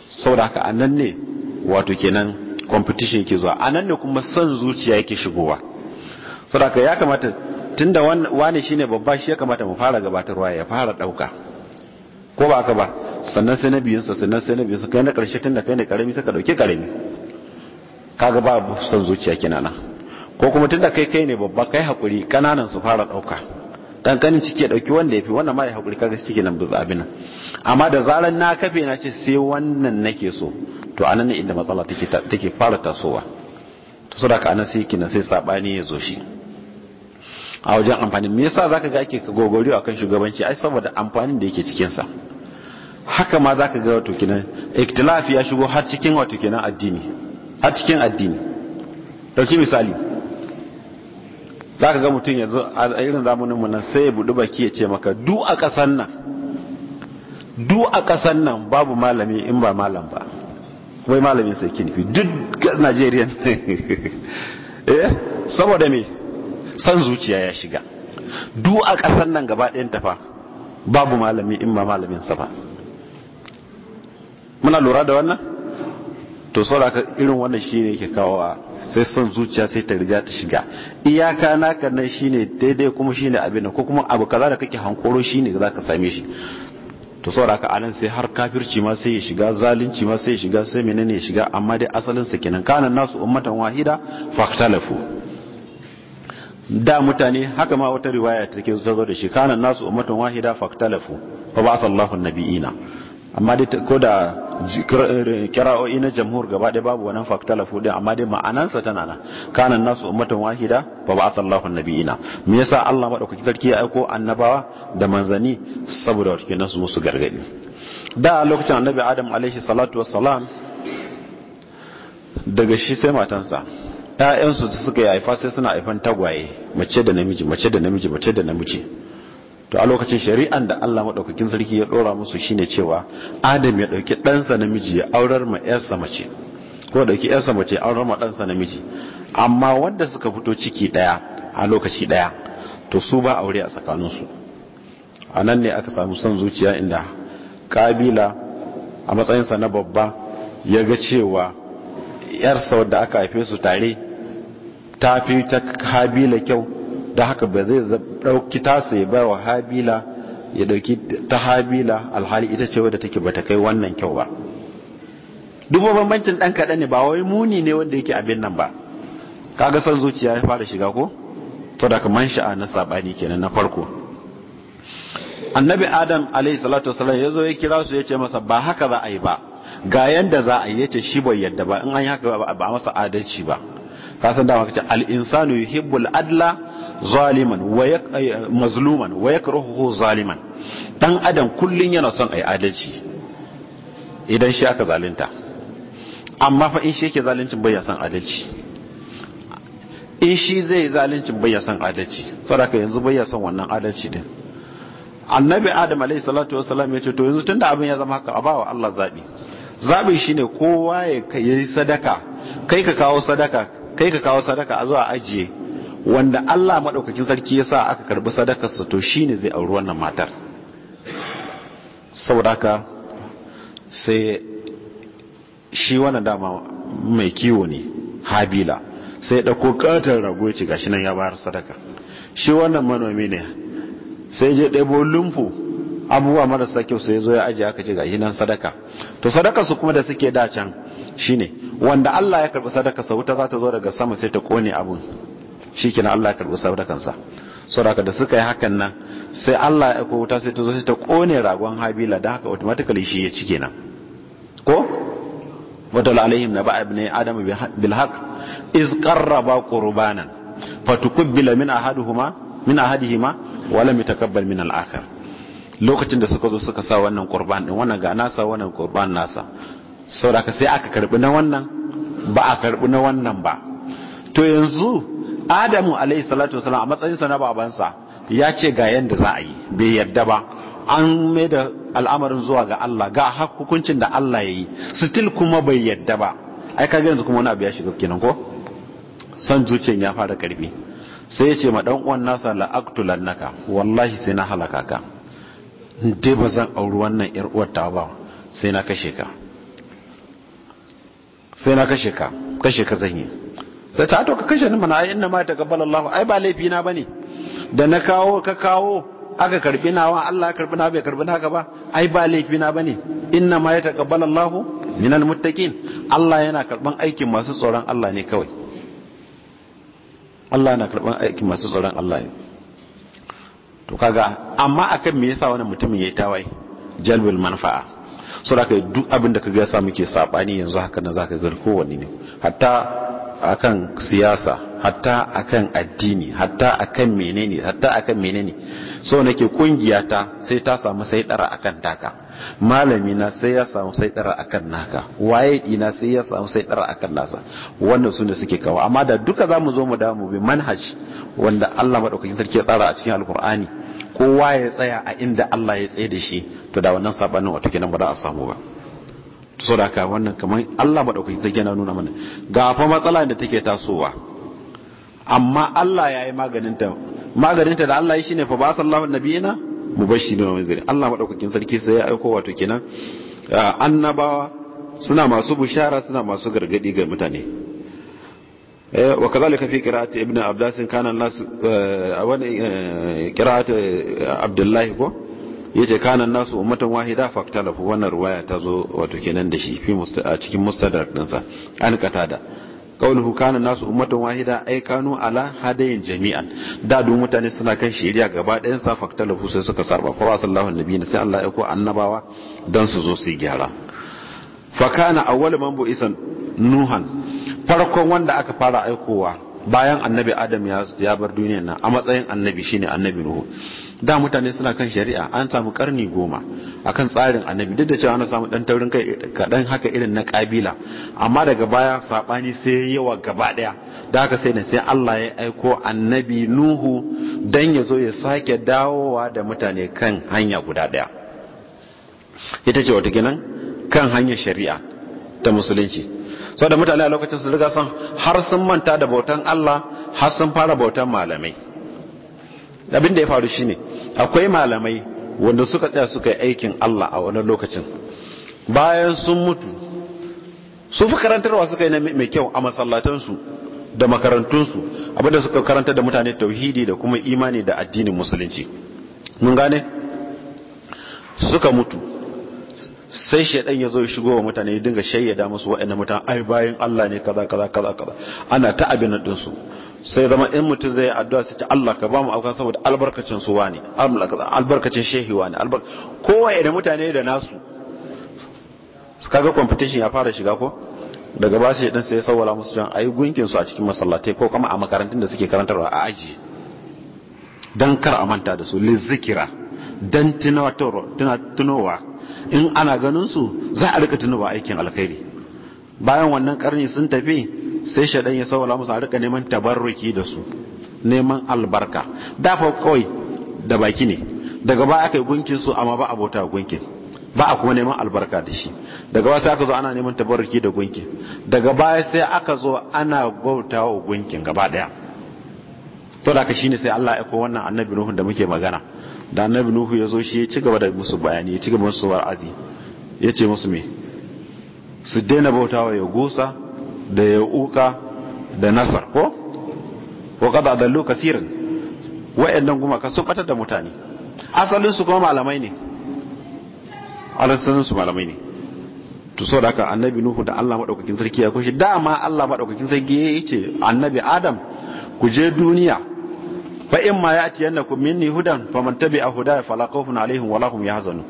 saboda haka a ne wato kenan competition yake zuwa a nan ne kuma san zuciya yake shigowa saboda ya kamata tunda wani shine babba shi ya kamata mu fara gabatarwa ya fara dauka ko ba haka ba sannan sai na biyunsa sannan sai na biyunsa kai na karshe tunda kai ne karami saka ka dauke karami kaga ba san zuciya kinana ko kuma tunda kai kai ne babba kai hakuri kananan su fara dauka kankanin ciki ya dauki wanda yafi wannan ma ya hakuri kaga ciki nan abin nan amma da zaran na kafe na ce sai wannan nake so to anan ne inda matsala take take fara tasowa to saboda ka anan sai kina sai sabani ya zo shi a wajen amfani me yasa zaka ga ake gogoriyo akan shugabanci ai saboda amfanin da yake cikin sa haka ma zaka ga wato kinan ikhtilaf ya shigo har cikin wato kinan addini har cikin addini dauki misali zaka ga mutum yanzu a irin zamanin mu nan sai ya budi baki ya ce maka du a kasan nan du a kasan nan babu malami in ba malam ba wai malamin sai kinifi duk Najeriya eh saboda me san zuciya ya shiga du a ƙasar nan gaba ɗayan tafa babu malami in ba malamin sa ba muna lura da wannan to saboda irin wannan shine yake kawowa sai son zuciya sai ta riga ta shiga iyaka naka nan shine daidai kuma shine abin ko kuma abu kaza da kake hankoro shine ka same shi to da aka anan sai har kafirci ma sai ya shiga zalunci ma sai ya shiga sai menene ya shiga amma dai asalin sa kenan kana nasu ummatan wahida faktalafu da mutane haka ma wata riwaya take ke zo da shi kana nasu ummatun wahida faktalafu fa ba'atha Allahu nabiyina amma dai ko da eh, kira'o'i na jamhur gaba ɗaya babu wannan faktalafu din amma dai ma'anansa tana nan kana nasu ummatun wahida fa ba'atha Allahu nabiyina me yasa Allah madaukaki sarki ya aiko annabawa da manzani saboda wato nasu musu gargadi da lokacin annabi Adam alaihi salatu wassalam daga shi sai matansa ƴaƴansu ta suka yi haifa sai suna haifan tagwaye mace da namiji mace da namiji mace da namiji to a lokacin shari'an da Allah madaukakin sarki ya dora musu shine cewa Adam ya ɗauki ɗansa namiji ya aurar ma ƴarsa mace ko dauki ƴarsa mace ya aurar ma ɗansa namiji amma wanda suka fito ciki ɗaya a lokaci ɗaya to su ba aure a tsakaninsu a nan ne aka samu son zuciya inda kabila a matsayinsa na babba ya ga cewa yarsa wadda aka haife su tare ta fi ta habila kyau da haka ba zai dauki tasa ya bar wa habila ya dauki ta habila alhali ita ce wadda take bata kai wannan kyau ba duk bambancin dan kaɗan ne ba wai muni ne wanda yake abin nan ba kaga son zuciya ya fara shiga ko to da kaman sha'a na sabani kenan na farko annabi adam Alayhi salatu wasallam ya zo ya kira su ya ce masa ba haka za a yi ba ga yanda za a yi ya ce shi bai yadda ba in an yi haka ba a masa adalci ba kasan da haka ce al-insanu yuhibbul adla zaliman wa eh, mazluman wa yakrahu zaliman dan adam kullun yana son ai adalci idan shi aka zalunta amma fa in shi yake zaluncin bai son adalci in shi zai zaluncin bai son adalci saboda yanzu bai son wannan adalci din annabi adam alayhi salatu salam ya ce to yanzu tunda abin ya zama haka a bawa Allah zabi zabi shine kowa ya yi sadaka kai ka kawo sadaka kai ka kawo sadaka a zuwa ajiye wanda Allah maɗaukakin sarki ya sa aka karbi sadakarsa to shi ne zai auri wannan matar saboda haka sai shi wannan dama mai kiwo ne habila sai ɗauko ƙatar rago ya ce gashi nan ya bayar sadaka shi wannan manomi ne sai je ɗebo lumfu abubuwa marasa kyau sai zo ya ajiye aka ce gashi nan sadaka to sadaka su kuma da suke da can shine wanda Allah ya karbi sadaka sa wuta za zo daga sama sai ta kone abun shikenan Allah ya karbi sadakan sa saboda da suka yi hakan nan sai Allah ya ko wuta sai ta zo sai ta kone ragon Habila da haka automatically shi ya cike nan. ko wato alaihim naba ibn adam bil haqq iz qarraba qurbanan fatuqbila min ahaduhuma min ahadihima wa lam yatakabbal min al-akhar lokacin da suka zo suka sa wannan qurban din wannan ga nasa wannan qurban nasa sauraka sai aka karbi na wannan ba a karbi na wannan ba to yanzu adamu alaihi salatu wasalam a matsayinsa na babansa ya ce ga yadda za a yi bai yadda ba an mai da al'amarin zuwa ga Allah ga hukuncin da Allah ya yi sitil kuma bai yadda ba ai ka yanzu kuma wani abu ya shiga kenan ko son zuciyan ya fara karfi sai ya ce ma dan uwan nasa la naka wallahi sai na halaka ka dai ba zan auri wannan yar uwar ta ba sai na kashe ka sai na kashe ka kashe ka zanyi sai ta to ka kashe ni mana inna ma taqabbala Allah ai ba laifi na bane da na kawo ka kawo aka karbi nawa Allah karbi na bai karbi naka ba ai ba laifi na bane inna ma yataqabbala Allah minal muttaqin Allah yana karban aikin masu tsoron Allah ne kawai Allah yana karban aikin masu tsoron Allah ne to kaga amma akan me yasa wannan mutumin yayi tawaye jalbul manfa'a so da duk abin da kaga samu muke sabani yanzu haka za ka ga kowane ne hatta akan siyasa hatta akan addini hatta akan menene hatta akan menene so nake kungiya ta sai ta samu saidara akan daka. malami na sai ya samu saidara akan naka waye dina sai ya samu saidara akan nasa wannan su ne suke kawo amma da duka za mu zo mu da mu bi manhaj wanda Allah madaukakin sarki ya tsara a cikin alkur'ani kowa ya tsaya a inda Allah ya tsaye da shi to da wannan sabanin wato kenan ba za a samu ba to da ka wannan kamar Allah dauki zai gina nuna mana ga fa matsala da take tasowa amma Allah ya yi maganin ta maganin ta da Allah ya ne fa ba sallahu nabiyina mubashirin wa munzirin Allah madaukakin sarki sai ya aiko wato kenan annabawa suna masu bushara suna masu gargadi ga mutane وكذلك في قراءة ابن عباس كان الناس قراءة عبد الله كو yace kana nasu ummatan wahida faktalafu wannan ruwaya ta zo wato kenan da shi fi a cikin mustadrak dinsa an katada qauluhu kana nasu ummatan wahida ai kanu ala hadayin jami'an da duk mutane suna kan shari'a gaba ɗayan sa faktalafu sai suka saba fa sallallahu nabiyina sai Allah ya ko annabawa dan su zo su gyara fakana kana awwal man isan nuhan farkon wanda aka fara aikowa bayan annabi adam ya bar duniyar na a matsayin annabi shine annabi nuhu da mutane suna kan shari'a an samu karni goma akan tsarin annabi duk da cewa ana samu dan taurin kai kadan haka irin na kabila amma daga baya sabani sai yawa gaba daya da haka sai ne sai Allah ya aiko annabi Nuhu dan ya zo ya sake dawowa da mutane kan hanya guda daya ita ce wata kenan kan hanyar shari'a ta musulunci Sau da mutane a lokacin su riga sun har sun manta da bautan Allah har sun fara bautan malamai abin da ya faru shine akwai malamai wanda suka tsaya suka yi aikin Allah a wani lokacin bayan sun mutu su fi karantarwa suka yi mai kyau a masallatansu da makarantunsu abinda suka karanta da mutane tauhidi da kuma imani da addinin musulunci mun gane suka mutu sai shaidan ya zo shigo wa mutane ya dinga shayyada musu waɗannan mutane ai bayan Allah ne kaza kaza kaza kaza ana ta abin nan su sai zama in mutum zai addu'a sai ta Allah ka ba mu aukan saboda albarkacin su wani albarkacin shehi wani kowa idan mutane da nasu kaga competition ya fara shiga ko daga ba shi dan sai ya sawala musu jan ai gunkin su a cikin masallatai ko kuma a makarantun da suke karantarwa a aji dan kar a manta da su li zikira tunawa tunawa in ana ganin su za a rika tunuba aikin alkhairi bayan wannan karni sun tafi sai shaɗan ya saura musu a rika neman tabarruki da su neman albarka dafa kawai da baki ne daga ba aka yi gunkin su amma ba a bauta gunkin ba a kuma neman albarka da shi daga baya sai aka zo ana neman tabarruki da gunkin daga baya sai aka zo ana bauta wa gunkin gaba daya to da ka shine sai Allah ya ko wannan annabi Nuhu da muke magana da annabi nuhu ya zo shi ya ci gaba da musu bayani ya ci gaba musu wa'azi ya ce musu me su daina bautawa ya gusa da ya uka da nasar ko wa da adallu kaseeran wa'annan kuma ka sun batar da mutane asalin su kuma malamai ne asalin su malamai ne to so da annabi nuhu da Allah madaukakin sarki ya kushi dama Allah madaukakin sarki ya ce annabi adam ku je duniya fa in ma ku minni hudan faman tabi'a hudaya fala khawfun alaihim wala hum yahzanun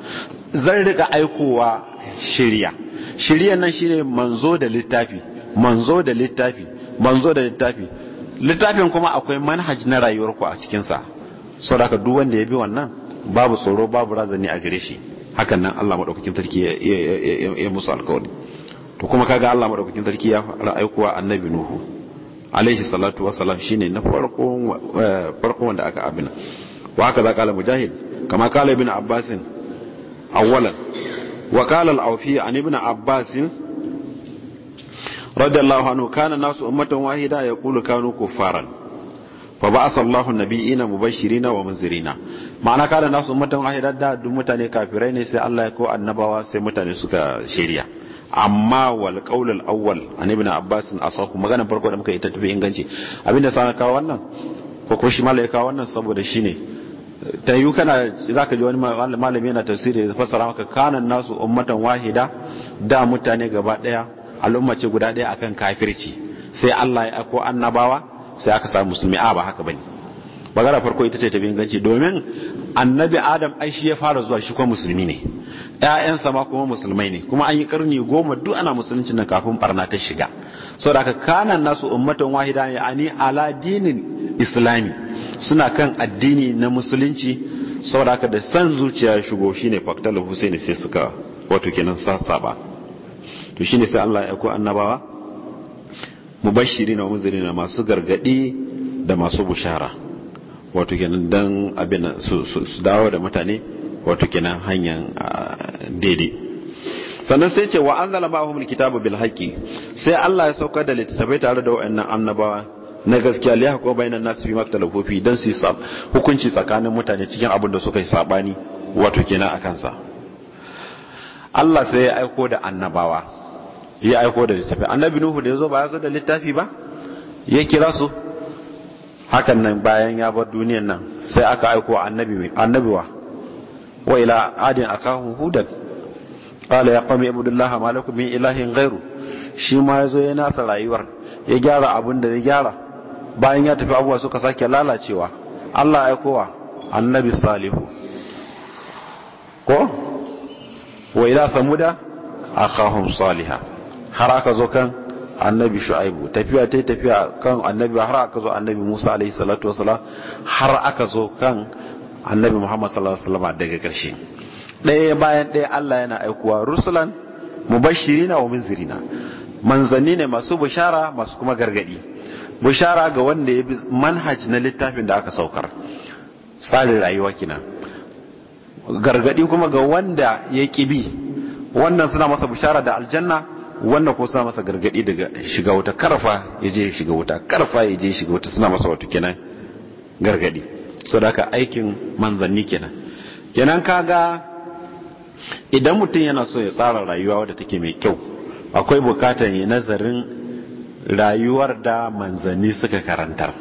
zan rika aikowa shiriya shirya nan shine manzo da littafi manzo da littafi manzo da littafi littafin kuma akwai manhaj na rayuwar ku a cikinsa sa saboda duk wanda ya bi wannan babu tsoro babu razani a gare shi hakan nan Allah madaukakin sarki ya musu alkawari to kuma kaga Allah madaukakin sarki ya aikowa annabi nuhu alaihi salatu salam shine na farko eh, farko wanda aka abina wa haka za kala mujahid kama kala ibn abbas awwalan wa kala al-awfi an ibn abbas radiyallahu anhu kana nasu ummatan wahida yaqulu kanu kufaran fa ba'atha Allahu nabiyina mubashirina wa munzirina ma'ana kana nasu ummatan wahida da duk mutane kafirai ne sai Allah ya ko annabawa sai mutane suka shirya amma wal auwal al awwal an ibn abbas asahu magana farko da muka yi ta tafi inganci abinda sana kawo wannan ko ko shi malai kawo wannan saboda shine ta yi kana zaka ji wani malami yana tafsiri ya fassara maka kanan nasu ummatan wahida da mutane gaba daya al'umma ce guda daya akan kafirci sai Allah ya ako annabawa sai aka samu musulmi a ba haka bane magana farko ita ce ta ganci domin annabi adam ai shi ya fara zuwa shi kuma musulmi ne ƴaƴansa ma kuma musulmai ne kuma an yi karni goma duk ana musulunci nan kafin barna ta shiga saboda haka kana nasu ummatan wahida ani ala dinin islami suna kan addini na musulunci saboda haka da san zuciya shigo shine faktal husaini sai suka wato kenan sassaba to shine sai Allah ya ko annabawa mubashirina wa na masu gargadi da masu bushara wato kenan dan abin su su dawo da mutane wato kenan hanyar daidai sannan sai ce wa ba ma'ahum kitabu bil haƙi sai Allah ya sauka da littattafai tare da wa'annan annabawa na gaskiya liya ko bainan nasu fi maka fi dan su hukunci tsakanin mutane cikin abin da suka yi sabani wato kenan akan sa Allah sai ya aiko da annabawa ya aiko da littafi annabi nuhu da ya zo ba ya zo da littafi ba ya kira su hakan nan bayan ya bar duniyan nan sai aka aiko annabi annabiwa wa ila adin akahu hudan qala ya qami abdullah ma lakum min ilahin ghairu shi ma yazo ya nasa rayuwar ya gyara abin da ya gyara bayan ya tafi abuwa suka sake lalacewa Allah aikowa annabi salihu ko wa ila samuda akahum salihah har aka zo kan annabi shu'aibu tafiya ta tafiya kan annabi har aka zo annabi musa alaihi salatu wasala har aka zo kan annabi muhammad sallallahu alaihi wasallam daga karshe ɗaya bayan ɗaya allah yana aikowa rusulan mubashirina wa munzirina manzanni ne masu bishara masu kuma gargadi bishara ga wanda ya bi manhaj na littafin da aka saukar tsarin rayuwa kenan gargadi kuma ga wanda ya ƙi bi wannan suna masa bishara da aljanna wannan ko sa masa gargadi daga shiga wuta karfa ya je shiga wuta karfa ya je shiga wuta suna masa wato kenan gargadi so da haka aikin manzanni kenan kenan kaga idan mutum yana so ya tsara rayuwa wadda take mai kyau akwai bukatar ya nazarin rayuwar da manzanni suka karantar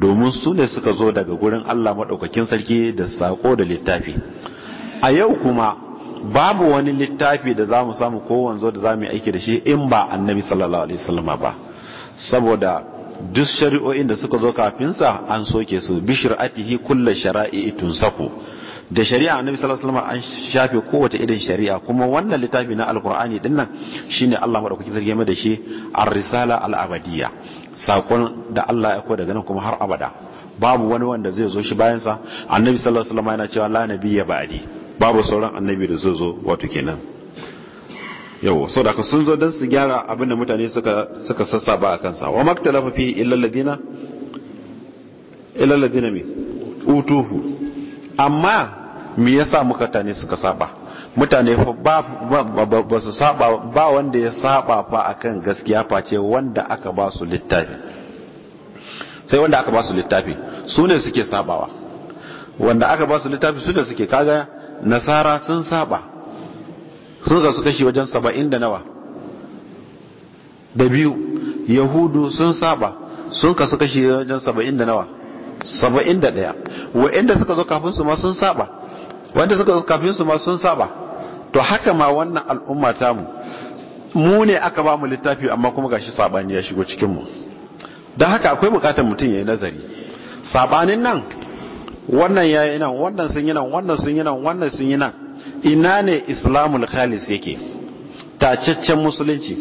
domin su ne suka zo daga gurin Allah maɗaukakin sarki da sako da littafi a yau kuma babu wani littafi da za mu samu kowanzo da za mu yi aiki da shi in ba annabi sallallahu alaihi wasallama ba saboda duk shari'o'in da suka zo kafinsa an soke su bishir atihi kulla shara'i saku. da shari'a annabi sallallahu alaihi wasallama an shafe kowace irin shari'a kuma wannan littafi na alqur'ani din nan shine Allah madaukaki zarge mai da shi ar-risala al-abadiyya sakon da Allah ya ko daga nan kuma har abada babu wani wanda zai zo shi bayansa annabi sallallahu alaihi wasallama yana cewa la nabiyya ba'di babu sauran annabi da zai zo wato kenan yau so da sun zo don su gyara abinda mutane suka suka sassa ba a kansa wa maktalafa fi illal ladina illal ladina mi utuhu amma me yasa mutane suka saba mutane fa ba ba su saba ba wanda ya saba fa akan gaskiya face wanda aka ba su littafi sai wanda aka ba su littafi su ne suke sabawa wanda aka ba su littafi su ne suke kaga nasara sun saba sun suka kashi wajen saba'in da nawa da biyu yahudu sun saba sun suka kashi wajen saba'in da nawa saba'in da ɗaya wa'inda suka zo kafin su ma sun saba wanda suka zo kafin su ma sun saba to haka ma wannan al'umma mu, mu ne aka ba mu littafi amma kuma gashi sabani ya shigo cikin mu don haka akwai bukatar mutum ya yi nazari sabanin nan wannan ya yi nan wannan sun yi nan wannan sun yi nan wannan sun yi nan ina ne islamul khalis yake tacaccen musulunci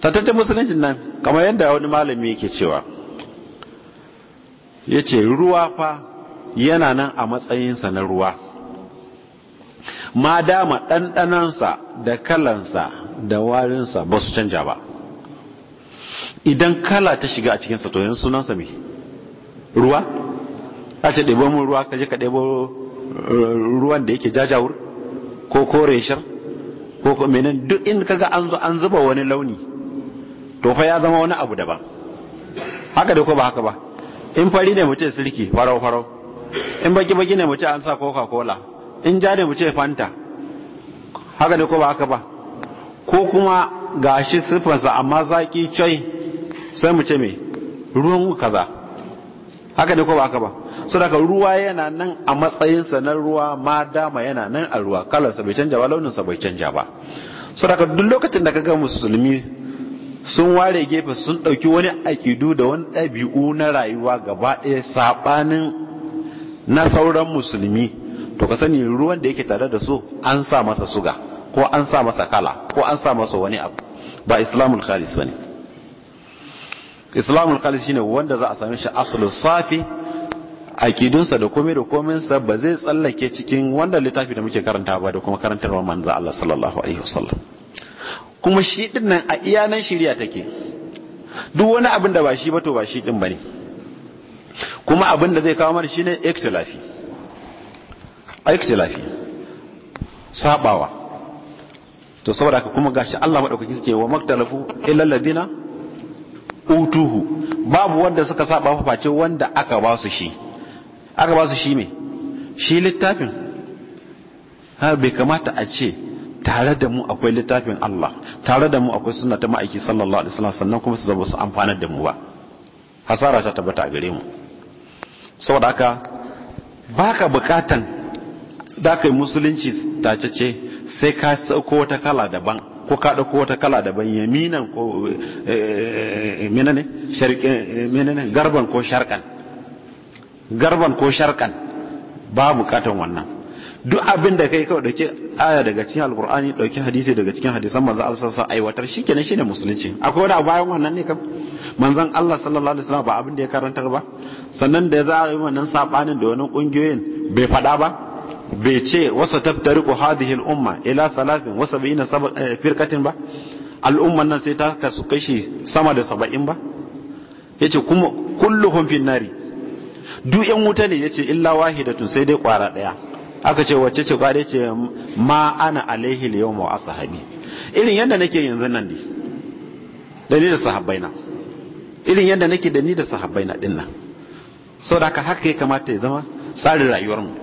tacaccen musulunci nan kamar yadda wani malami yake cewa ya ce ruwa fa yana nan a matsayinsa na ruwa ma dama ɗanɗanansa da kalansa da warinsa ba su canja ba idan kala ta shiga a cikinsa to yin sunansa mai ruwa ka ce ɗebo mun ruwa ka je ka ɗebo eh, ruwan da yake jajawur ko ko shar ko ko menen duk in kaga an zo an zuba wani launi to fa ya zama wani abu daban haka da ko ba haka ba in fari ne mu ce silki farau farau in baki baki ne mu ce an sa coca cola in ja ne mu ce fanta haka da ko ba haka ba ko kuma gashi sa amma zaki coi sai mu ce me ruwan kaza haka da ko ba haka ba sadaka ruwa yana nan a matsayinsa na ruwa ma dama yana nan a ruwa kalarsa bai canja ba launinsa bai canja ba sadaka duk lokacin da ka ga musulmi sun ware gefe sun ɗauki wani aƙidu da wani ɗabi'u na rayuwa gaba ɗaya saɓanin na sauran musulmi to ka sani ruwan da yake tare da su an sa masa suga ko an sa masa kala ko an sa masa wani abu ba islamul khalis ne. islamul khalis shine wanda za a same shi asalin safi akidunsa da komai da kominsa ba zai tsallake cikin wanda littafi da muke karanta ba da kuma karantar wa manzo Allah sallallahu alaihi wasallam kuma shi din nan a iya nan shirya take duk wani abin da ba shi ba to ba shi din bane kuma abin da zai kawo mana shine ikhtilafi ikhtilafi sabawa to saboda haka kuma gashi Allah madaukaki yake wa maktalafu illal ladina utuhu babu wanda suka saba face wanda aka ba su shi aka ba su shi me shi littafin ha bai kamata a ce tare da mu akwai littafin Allah tare da mu akwai suna ta ma'aiki sallallahu alaihi wasallam sannan kuma su zama su amfanar da mu ba hasara ta tabbata a gare mu saboda haka baka bukatan da kai musulunci tacece sai ka sauko wata kala daban ko ka dauko wata kala daban yaminan ko eh, eh, eh, menene menene garban ko sharqan garban ko sharkan ba bukatan wannan duk abin da kai kawai dauke aya daga cikin alkur'ani dauke hadisi daga cikin hadisan manzon Allah sallallahu alaihi wasallam aiwatar shikenan shine musulunci akwai wani bayan wannan ne kam manzon Allah sallallahu alaihi wasallam ba abin da ya karantar ba sannan da za a yi wannan sabanin da wani kungiyoyin bai fada ba bai ce wasa tabtariqu hadhihi al-umma ila 73 eh, firqatin ba al'umman nan sai ta kasu kashi sama da 70 ba yace kuma kulluhum fin nari duk yan wuta ne yace illa wahidatun sai dai kwara daya aka ce wacce ce kwara ce ma ana alaihi al-yawm wa ashabi irin yadda nake yanzu nan ne da ni da sahabbaina irin yadda nake da ni da sahabbaina din nan saboda haka haka ya kamata ya zama tsarin rayuwar mu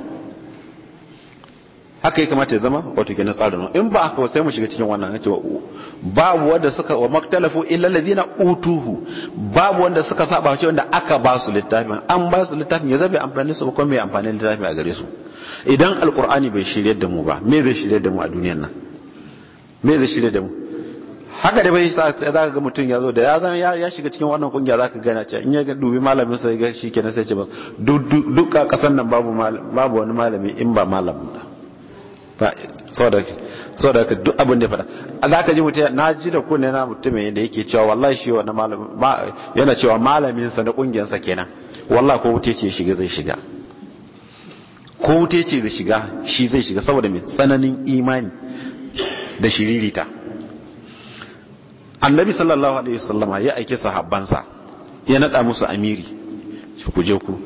haka ya kamata ya zama wato kenan tsarin in ba haka sai mu shiga cikin wannan yace babu wanda suka wa maktalafu illa alladhina utuhu babu wanda suka saba cewa wanda aka ba su littafin an ba su littafin ya zabe amfani su ko me amfani littafin a gare su idan alqur'ani bai shiryar da mu ba me zai shiryar da mu a duniyar nan me zai shiryar da mu haka da bai sa za ka ga mutum ya zo da ya zama ya shiga cikin wannan kungiya za ka gana cewa in ya dubi malamin sai ga shi kenan sai ce ba duk duk kasan nan babu malami babu wani malami in ba malamin ba ba saboda haka duk abin da faɗa za ka ji mutum na ji da kunne na mutumin da yake cewa wallahi shi wannan malamin yana cewa malaminsa na ƙungiyarsa kenan wallahi ko wuce ce shiga zai shiga ko wuce ce zai shiga shi zai shiga saboda mai tsananin imani da shiririta annabi sallallahu alaihi wasallama ya aike sahabbansa ya nada musu amiri ku je ku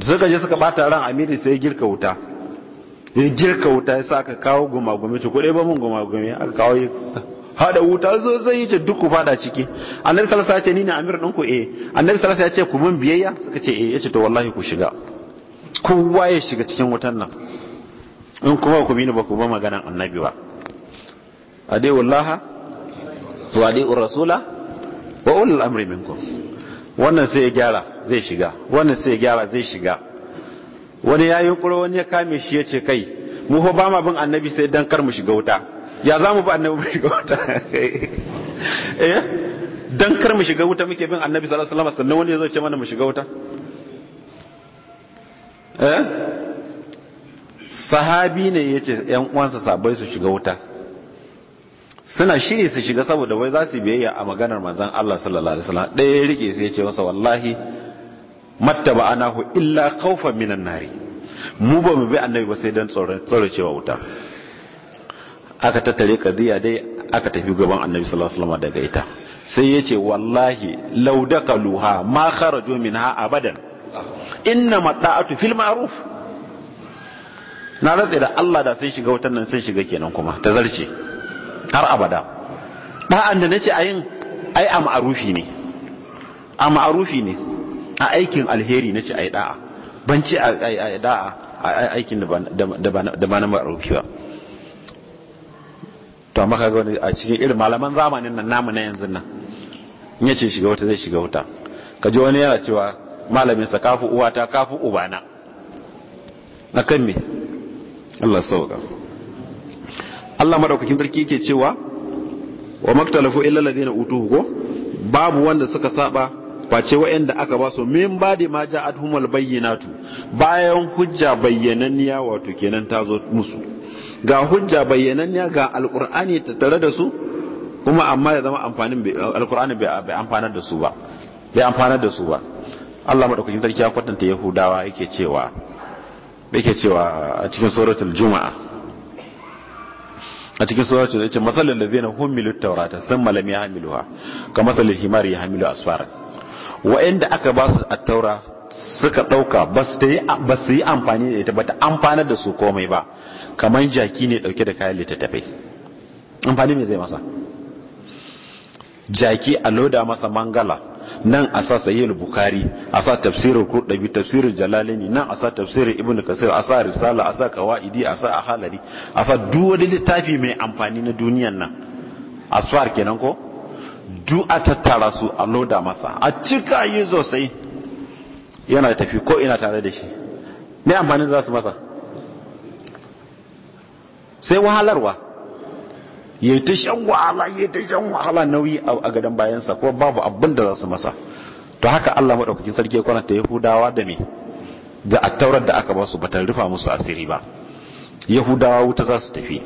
suka je suka bata ran amiri sai girka wuta ya girka wuta ya sa aka kawo gumagumi ce kuɗe ba mun gumagumi aka kawo ya hada wuta zo zai ce duk ku fada ciki annabi sallallahu alaihi ce ni ne amir ɗinku eh annabi sallallahu alaihi ya ce ku mun biyayya suka ce eh yace to wallahi ku shiga kowa ya shiga cikin wutan nan in kuma ku mini ba ku ba maganan annabi ba adai wallaha wa adai rasula wa ulul amri minkum wannan sai ya gyara zai shiga wannan sai ya gyara zai shiga wani ya yi kuro wani ya kame shi ya ce kai mu ba ma bin annabi sai dan kar mu shiga wuta ya za mu bi annabi mu shiga wuta eh dan kar mu shiga wuta muke bin annabi sallallahu alaihi wasallam sannan wani ya zo ce mana mu shiga wuta eh sahabi ne ya ce ‘yan uwansa sabai su shiga wuta suna shiri su shiga saboda wai za su biyayya a maganar manzan Allah sallallahu alaihi wasallam ɗaya ya rike sai ya ce masa wallahi mattaba anahu illa khawfan minan nari mu ba mu bi annabi ba sai dan tsoron cewa wuta aka tattare kadiya dai aka tafi gaban annabi sallallahu alaihi wasallam daga ita sai yace wallahi law dakaluha ma kharaju minha abadan inna mata'atu fil ma'ruf na rantsa da Allah da sai shiga wutan nan sai shiga kenan kuma ta zarce har abada da'an da nace ayin ai a ma'rufi ne a ma'rufi ne a aikin alheri na ce a yi da'a ban ce a yi da'a a aikin da ba na ma'arufi ba to amma kaga wani a cikin irin malaman zamanin nan namu na yanzu nan in ce shiga wata zai shiga wuta Ka ji wani yana cewa malaminsa kafu uwata kafu ubana kan me Allah sauka Allah maɗaukakin sarki ke cewa wa maktalafu illa ladina utuhu ko babu wanda suka saba face wa'anda aka ba su min ba da ma ja'atuhumul bayyinatu bayan hujja bayyananniya wato kenan ta zo musu ga hujja bayyananniya ga alqur'ani tare da su kuma amma ya zama amfanin alqur'ani bai amfanar da su ba bai amfanar da su ba Allah madaukakin sarki ya kwatanta yahudawa yake cewa yake cewa a cikin suratul juma'a a cikin zai yace masalul ladina humilut tawrata thumma ya yahmiluha ka masalul himari hamilu asfara wa'inda aka ba su attaura suka ɗauka ba su yi amfani da ita ba ta amfanar da su komai ba kamar jaki ne ɗauke da kayan littattafai amfani mai zai masa jaki a loda masa mangala nan a sa sayyid bukari a sa tafsirin kurɗabi tafsirin jalalini nan a sa tafsirin ibn kasir a sa risala a sa kawaidi a sa ahalari a sa duk wani littafi mai amfani na duniyan nan asfar kenan ko duk a tattara su a loda masa a cika yi sosai yana tafi ko ina tare da shi ne amfanin za su masa sai wahalarwa ya yi ta shan wahala ya yi ta shan wahala nauyi a gadon bayansa ko babu abin da za su masa to haka Allah maɗaukakin sarki ya kwananta yahudawa da me da taurar da aka ba su bata rufa musu asiri ba yahudawa wuta za su tafi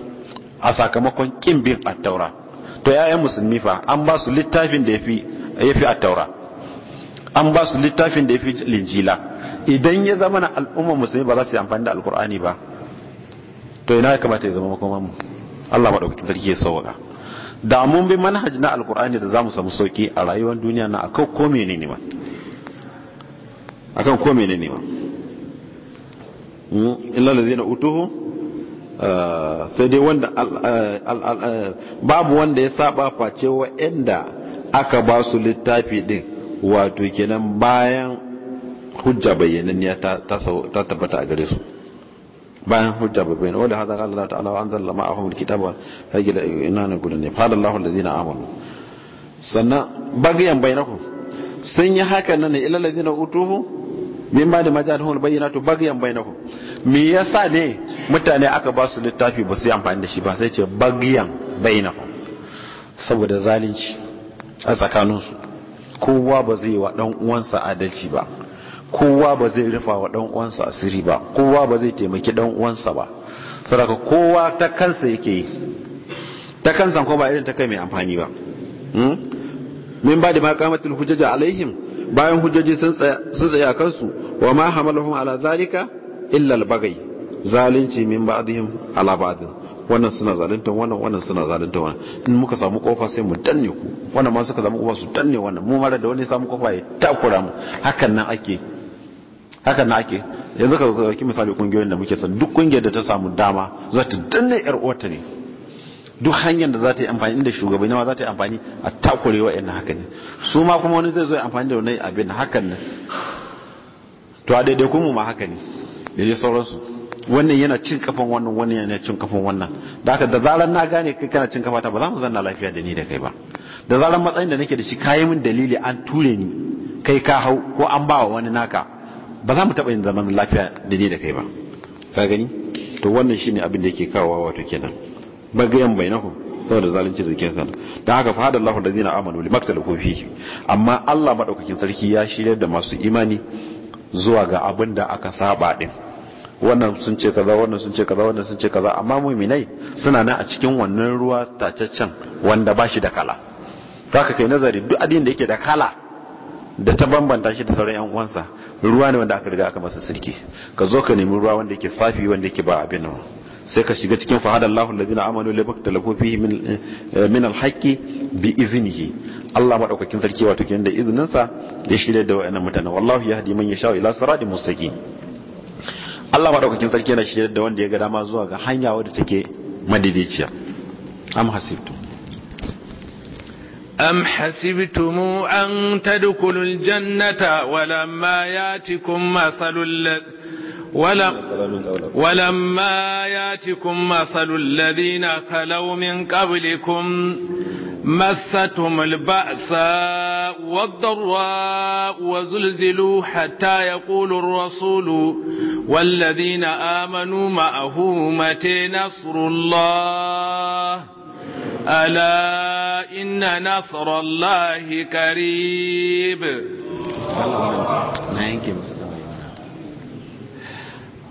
a sakamakon ƙin bin a taurar to yayan musulmi fa an ba su littafin da yafi yafi at-taura an ba su littafin da yafi linjila idan ya zama na al'umma musulmi ba za su yi amfani da alkur'ani ba to ina ya kamata ya zama makomanmu. mu Allah madaukakin zargi ya sauka da mun bi manhaj na alkur'ani da zamu samu sauki a rayuwar duniya na akan ko menene ma akan ko menene ma hmm? illa lazina utuhu Eh, sai dai wanda eh, eh, babu wanda ya saba face wa'anda aka ba su littafi din wato kenan bayan hujja ya ta tabbata a gare su bayan hujja bayyanan wanda haza ga Allah ta'ala wa anzalna ma'ahum alkitaba hajila inna naqulu ne fa Allahu allazina amanu sannan bagayan bainakum sun yi haka nan ne ilal ladina utuhu min ba da majadahul bayyinatu bagayan bainakum me yasa ne mutane aka ba su littafi ba su yi amfani da shi ba sai ce bagiyan bainahum saboda zalunci a tsakaninsu kowa ba zai wa dan uwansa adalci ba kowa ba zai rufa wa dan uwansa asiri ba kowa ba zai taimaki dan uwansa ba saboda kowa ta kansa yake yi ta kansa ko ba irin ta kai mai amfani ba hmm? min ba da maqamatul hujjaja alaihim bayan hujaji sun tsaya a kansu wa ma hamalahum ala zalika illa al-bagai zalunci min ba'dihim ala ba'din wannan suna zalunta wannan wannan suna zalunta wannan in muka samu kofa sai mu danne ku wannan ma suka samu kofa su danne wannan mu mara da wani samu kofa ya takura mu hakan nan ake hakan na ake yanzu ka zauki misali kungiyoyin da muke san duk kungiyar da ta samu dama za ta danne yar uwarta ne duk hanyar da za ta yi amfani inda shugabanni ma za ta yi amfani a takure wa'in haka ne su ma kuma wani zai zo amfani da wani abin hakan nan to a daidai kuma ma haka ne ya yi sauransu wannan yana cin kafan wannan wannan yana cin kafan wannan da haka da zarar na gane kai kana cin kafata ba za mu zanna lafiya da ni da kai ba da zarar matsayin da nake da shi kayi min dalili an ture ni kai ka hau ko an ba wa wani naka ba za mu taɓa yin zaman lafiya da ni da kai ba ka gani to wannan shine abin da yake kawo wato kenan bagayen bainakum saboda zalunci da kenan da haka fa hadallahu allazina amanu limaktalu kofi amma Allah madaukakin sarki ya shirya da masu imani zuwa ga abin da aka saba din wannan sun ce kaza wannan sun ce kaza wannan sun ce kaza amma muminai suna nan a cikin wannan ruwa tacaccen wanda ba shi da kala zaka kai nazari duk adin da yake da kala da ta bambanta shi da sauran yan uwansa ruwa ne wanda aka riga aka masa sirki ka zo ka nemi ruwa wanda yake safi wanda yake ba abin nan sai ka shiga cikin fahadallahu alladhina amanu la bakta lahu fihi min eh, min alhaqqi bi iznihi Allah madaukakin sarki wato kenan da izinin sa ya shirya da wa'annan mutane wallahu yahdi man yasha ila siratin mustaqim Allah madaukakin sarki yana shirye da wanda ya ga dama zuwa ga hanya wadda take madidiciya am hasibtum أم حسبتم أن تدخلوا الجنة ولما ياتكم مثل الذين ولم ولما ياتكم مثل الذين خلوا من قبلكم مستهم البأساء والضراء وزلزلوا حتى يقول الرسول والذين آمنوا معه متى نصر الله ألا إن نصر الله قريب الله.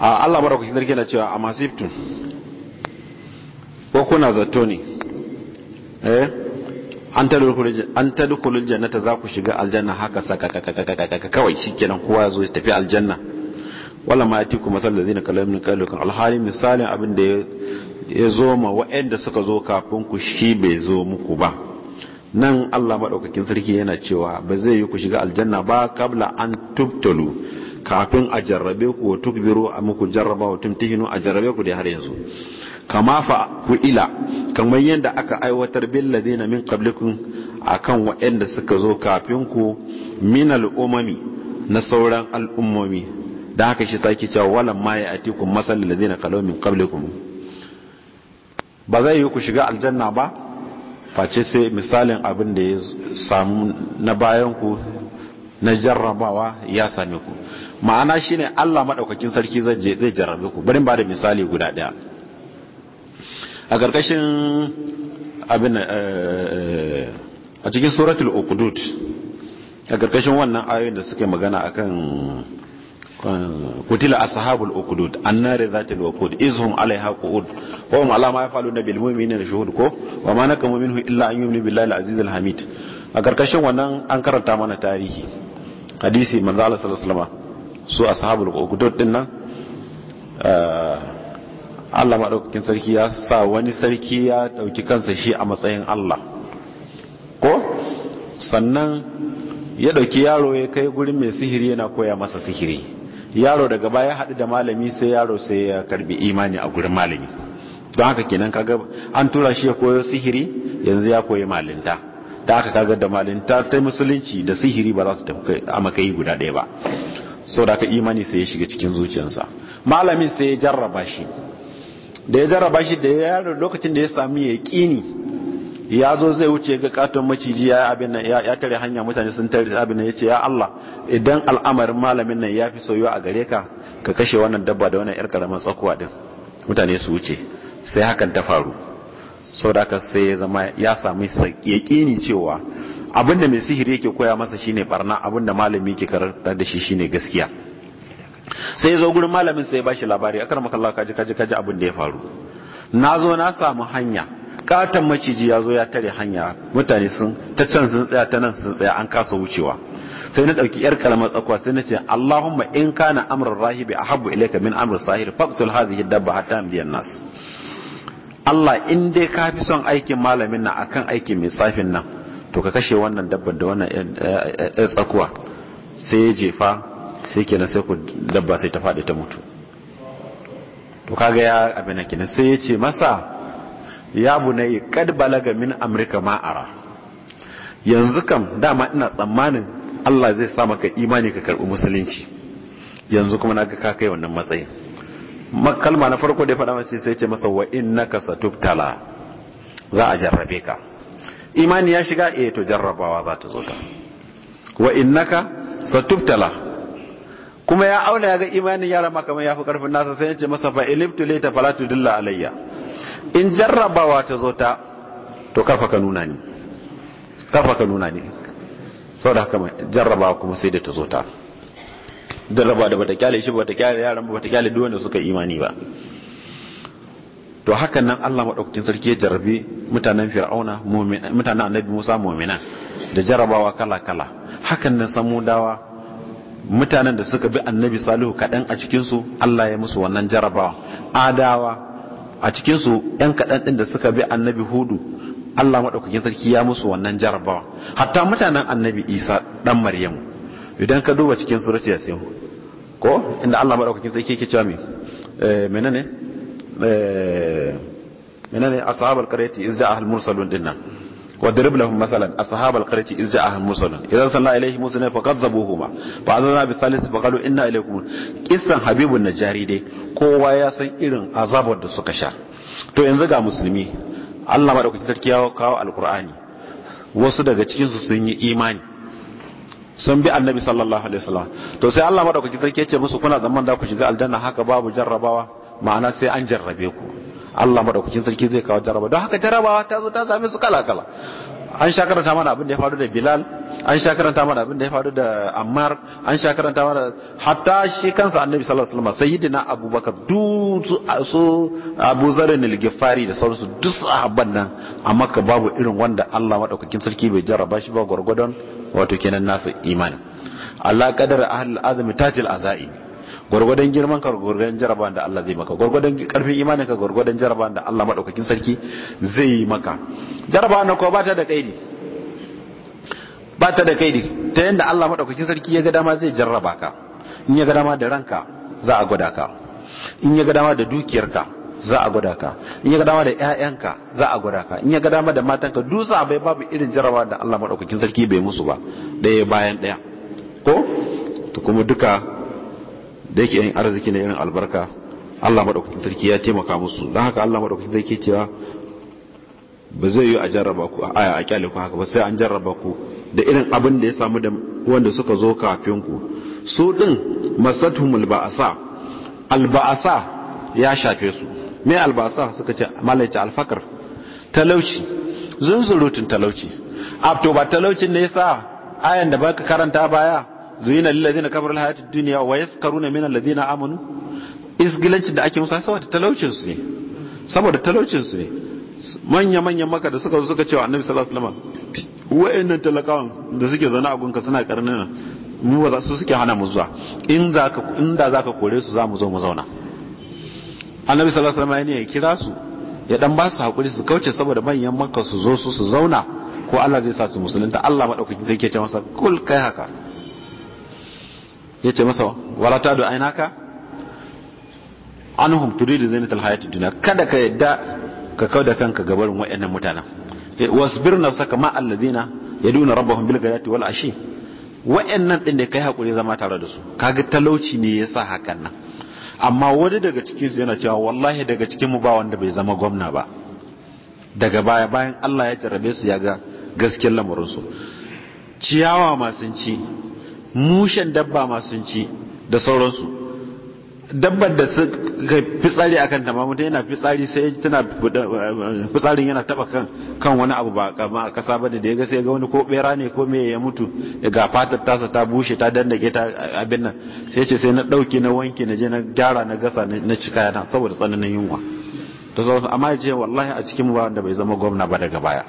a Allah madaukakin sarki na cewa a masiftu ko kuna zato ne eh? an ta dukulun jannata za ku shiga aljanna haka sakakakakakaka kawai shi kenan kowa zo tafi aljanna wala ma yati kuma sal ladina kalamin kalukan alhali misalin abin da ya zo ma wa'anda suka zo kafin ku shi bai zo muku ba nan Allah maɗaukakin sarki yana cewa ba zai yi ku shiga aljanna ba kabla an tubtalu kafin a jarrabe ku wa tukbiru a muku jarraba wa tumtihinu a jarrabe ku dai har yanzu kama fa ku ila kamar yadda aka aiwatar bin ladina min qablikum akan waɗanda suka zo kafin ku min al'umami na sauran al'ummomi da haka shi sake cewa walan ma ya atikum masal ladina qalu min qablikum ba zai yi ku shiga aljanna ba face sai misalin abin da ya samu na bayan ku na jarrabawa ya same ku ma'ana shine Allah maɗaukakin sarki zai jarrabe ku barin ba da misali guda daya a karkashin abin eh, a cikin suratul uqdud a karkashin wannan ayoyin da suke magana akan kutila ashabul uqdud annari zatil waqud izhum alaiha qu'ud wa hum ala ma yafaluna bil mu'minina shuhud ko wa ma nakamu minhu illa an yu'minu billahi al-aziz hamid a karkashin wannan an karanta mana tarihi hadisi manzo Allah sallallahu su ashabul ukhdud din nan eh, Allah madaukakin sarki ya sa wani sarki ya dauki kansa shi a matsayin Allah ko sannan ya dauki yaro ya kai gurin mai sihiri yana koya masa sihiri yaro daga baya haɗu da malami sai yaro sai ya karbi imani a gurin malami don haka kenan kaga an tura shi ya koyo sihiri yanzu ya koyi malinta da aka kaga da malinta ta musulunci da sihiri ba za su tafi a makayi guda ɗaya ba sau da aka imani sai ya shiga cikin zuciyarsa malamin sai ya jarraba shi da ya jarraba shi da ya lokacin da ya sami ya ƙini ya zo zai wuce ga katon maciji ya tare hanya mutane sun tare abin nan ya ce ya Allah idan al'amarin malamin nan ya fi soyuwa a gare ka ka kashe wannan dabba da wannan yar karamar tsakuwa din mutane su wuce sai hakan ta faru sau da aka sai ya zama ya sami ne cewa abinda mai sihiri yake koya masa shine barna abinda malami ke karanta da shi shine gaskiya sai ya zo gurin malamin sai ya bashi labari akar makalla kaji kaji kaji abin da ya faru na zo na samu hanya katon maciji ya zo ya tare hanya mutane sun ta can sun tsaya ta nan sun tsaya an kasa wucewa sai na ɗauki yar kalmar tsakwa sai na ce Allahumma in kana amrun rahibi ahabbu ilayka min amr sahir faqtul hadhihi dabba hatta biyan nas Allah in dai ka fi son aikin malamin nan akan aiki mai tsafin nan to ka kashe wannan dabbar da wannan ɗan tsakuwa sai ya jefa sai kenan sai ku dabba sai ta faɗi ta mutu to kaga ya abin nan kenan sai ya ce masa ya bunai kad balaga min amrika ma'ara yanzu kam dama ina tsammanin Allah zai sa maka imani ka karbi musulunci yanzu kuma naga ka kai wannan matsayin kalma na farko da ya faɗa mace sai ce masa wa ka satubtala za a jarrabe ka imani ya shiga e to jarrabawa za ta zo ta wa ka satubtala kuma ya auna ya ga imanin yara makamai ya fi karfin nasa sai ya ce masa fa ilibtu laita falatu dilla alayya in jarrabawa ta zo ta to karfa ka nuna ni karfa ka nuna ni saboda haka jarrabawa kuma sai da ta zo ta jarraba da bata kyale shi bata kyale yaran ba bata kyale duk wanda suka imani ba to hakan nan Allah madaukakin sarki ya jarabe mutanen fir'auna mutanen annabi Musa mu'mina da jarabawa kala kala hakan nan dawa mutanen da suka bi annabi salihu kaɗan a cikinsu Allah ya musu wannan jarabawa adawa a cikinsu ‘yan kaɗan ɗin da suka bi annabi hudu Allah maɗaukakin sarki ya musu wannan jarabawa hatta mutanen annabi isa ɗan maryamu idan ka duba cikin surati yasin ko inda Allah madaukakin sai yake cewa me eh, menene eh menene ashabal qaryati izza ahal mursalun dinna wa darib lahum masalan ashabal qaryati izza ahal mursalun idan sallallahu alaihi musalla fa kadzabuhuma fa azana bi thalith fa qalu inna ilaykum qissan habibun najari dai kowa ya san irin azabar da suka sha to yanzu ga musulmi Allah madaukakin sarki ya kawo alqur'ani wasu daga cikin su sun yi imani sun bi annabi sallallahu alaihi wasallam to sai Allah madaukaki sarki yace musu kuna zaman da ku shiga aljanna haka babu jarrabawa ma'ana sai an jarrabe ku Allah madaukakin sarki zai kawo jarraba don haka jarrabawa ta zo ta same su kala kala an sha karanta mana abin da ya faru da Bilal an sha karanta mana abin da ya faru da Ammar an sha karanta mana hatta shi kansa Annabi sallallahu alaihi wasallam sayyidina Abubakar duk su Abu Zarin al-Ghifari da sauransu duk sahabban nan a Makka babu irin wanda Allah madaukakin sarki bai jarraba shi ba gurgurdan wato kenan nasu imani Allah kadar ahlul azmi tajil azai gurgudan girman ka gurgudan jaraban da Allah zai maka gurgudan karfin imanin ka gurgudan jaraban da Allah madaukakin sarki zai maka jaraban ko ba ta da kaidi ba ta da kaidi ta yanda Allah madaukakin sarki ya ga dama zai jarraba ka in ya ga dama da ranka za a gwada ka in ya ga dama da dukiyarka za a gwada ka in ya ga dama da ƴaƴanka za a gwada ka in ya ga dama da matanka dusa bai babu irin jarawa da Allah madaukakin sarki bai musu ba ɗaya bayan ɗaya ko to kuma duka da yake yin arziki na irin albarka Allah madaukakin sarki ya taimaka musu don haka Allah madaukakin sarki cewa ba zai yi a jarraba ku a a kyale ku haka ba sai an jarraba ku da irin abin da ya samu da wanda suka zo kafin ku su din masathumul ba'asa al ya shafe su mai albasa suka ce malaita alfakar talauci zunzurutun talauci abto ba talaucin ne yasa ayan da baka karanta baya zuyina lil ladina kafaru hayatid dunya wa yaskaruna min alladina amanu isgilancin da ake musa saboda talaucin su ne saboda talaucin su ne manya manyan maka da suka zo suka ce wa annabi sallallahu alaihi wasallam wa'annan talakawan da suke zaune a gunka suna karnin mu ba su suke hana mu zuwa in da za ka kore su za mu zo mu zauna annabi sallallahu alaihi wasallam ya kira su ya dan ba su hakuri su kauce saboda manyan makka su zo su su zauna ko Allah zai sa su musulunta Allah madaukakin sarki ya ce masa kul kai haka ya ce masa wala ta do ainaka anhum turidu zinata alhayati dunya kada ka yadda ka kauda kanka barin wayannan mutanen wasbir nafsaka ma alladhina yaduna rabbahum bil ghadati wal ashi wayannan din da kai hakuri zama tare da su kaga talauci ne yasa hakan nan amma wani daga cikinsu yana cewa wallahi daga cikin mu ba wanda bai zama gwamna ba daga baya bayan Allah ya jarrabe su ya ga gaskiyar su ciyawa masu ci mushen dabba masu ci da sauransu dabbar da su ga fitsari a kan tamma mutum yana fitsari sai tana fitsarin yana taba kan wani abu ba a kasa bane da ya ga sai ga wani ko bera ne ko mai ya mutu ga fatar tasa ta bushe ta dandake ta abin nan sai ce sai na dauke na wanke na je na gyara na gasa na cika yana saboda tsananin yunwa to sauransu amma ya ce wallahi a cikin ba wanda bai zama gwamna ba daga baya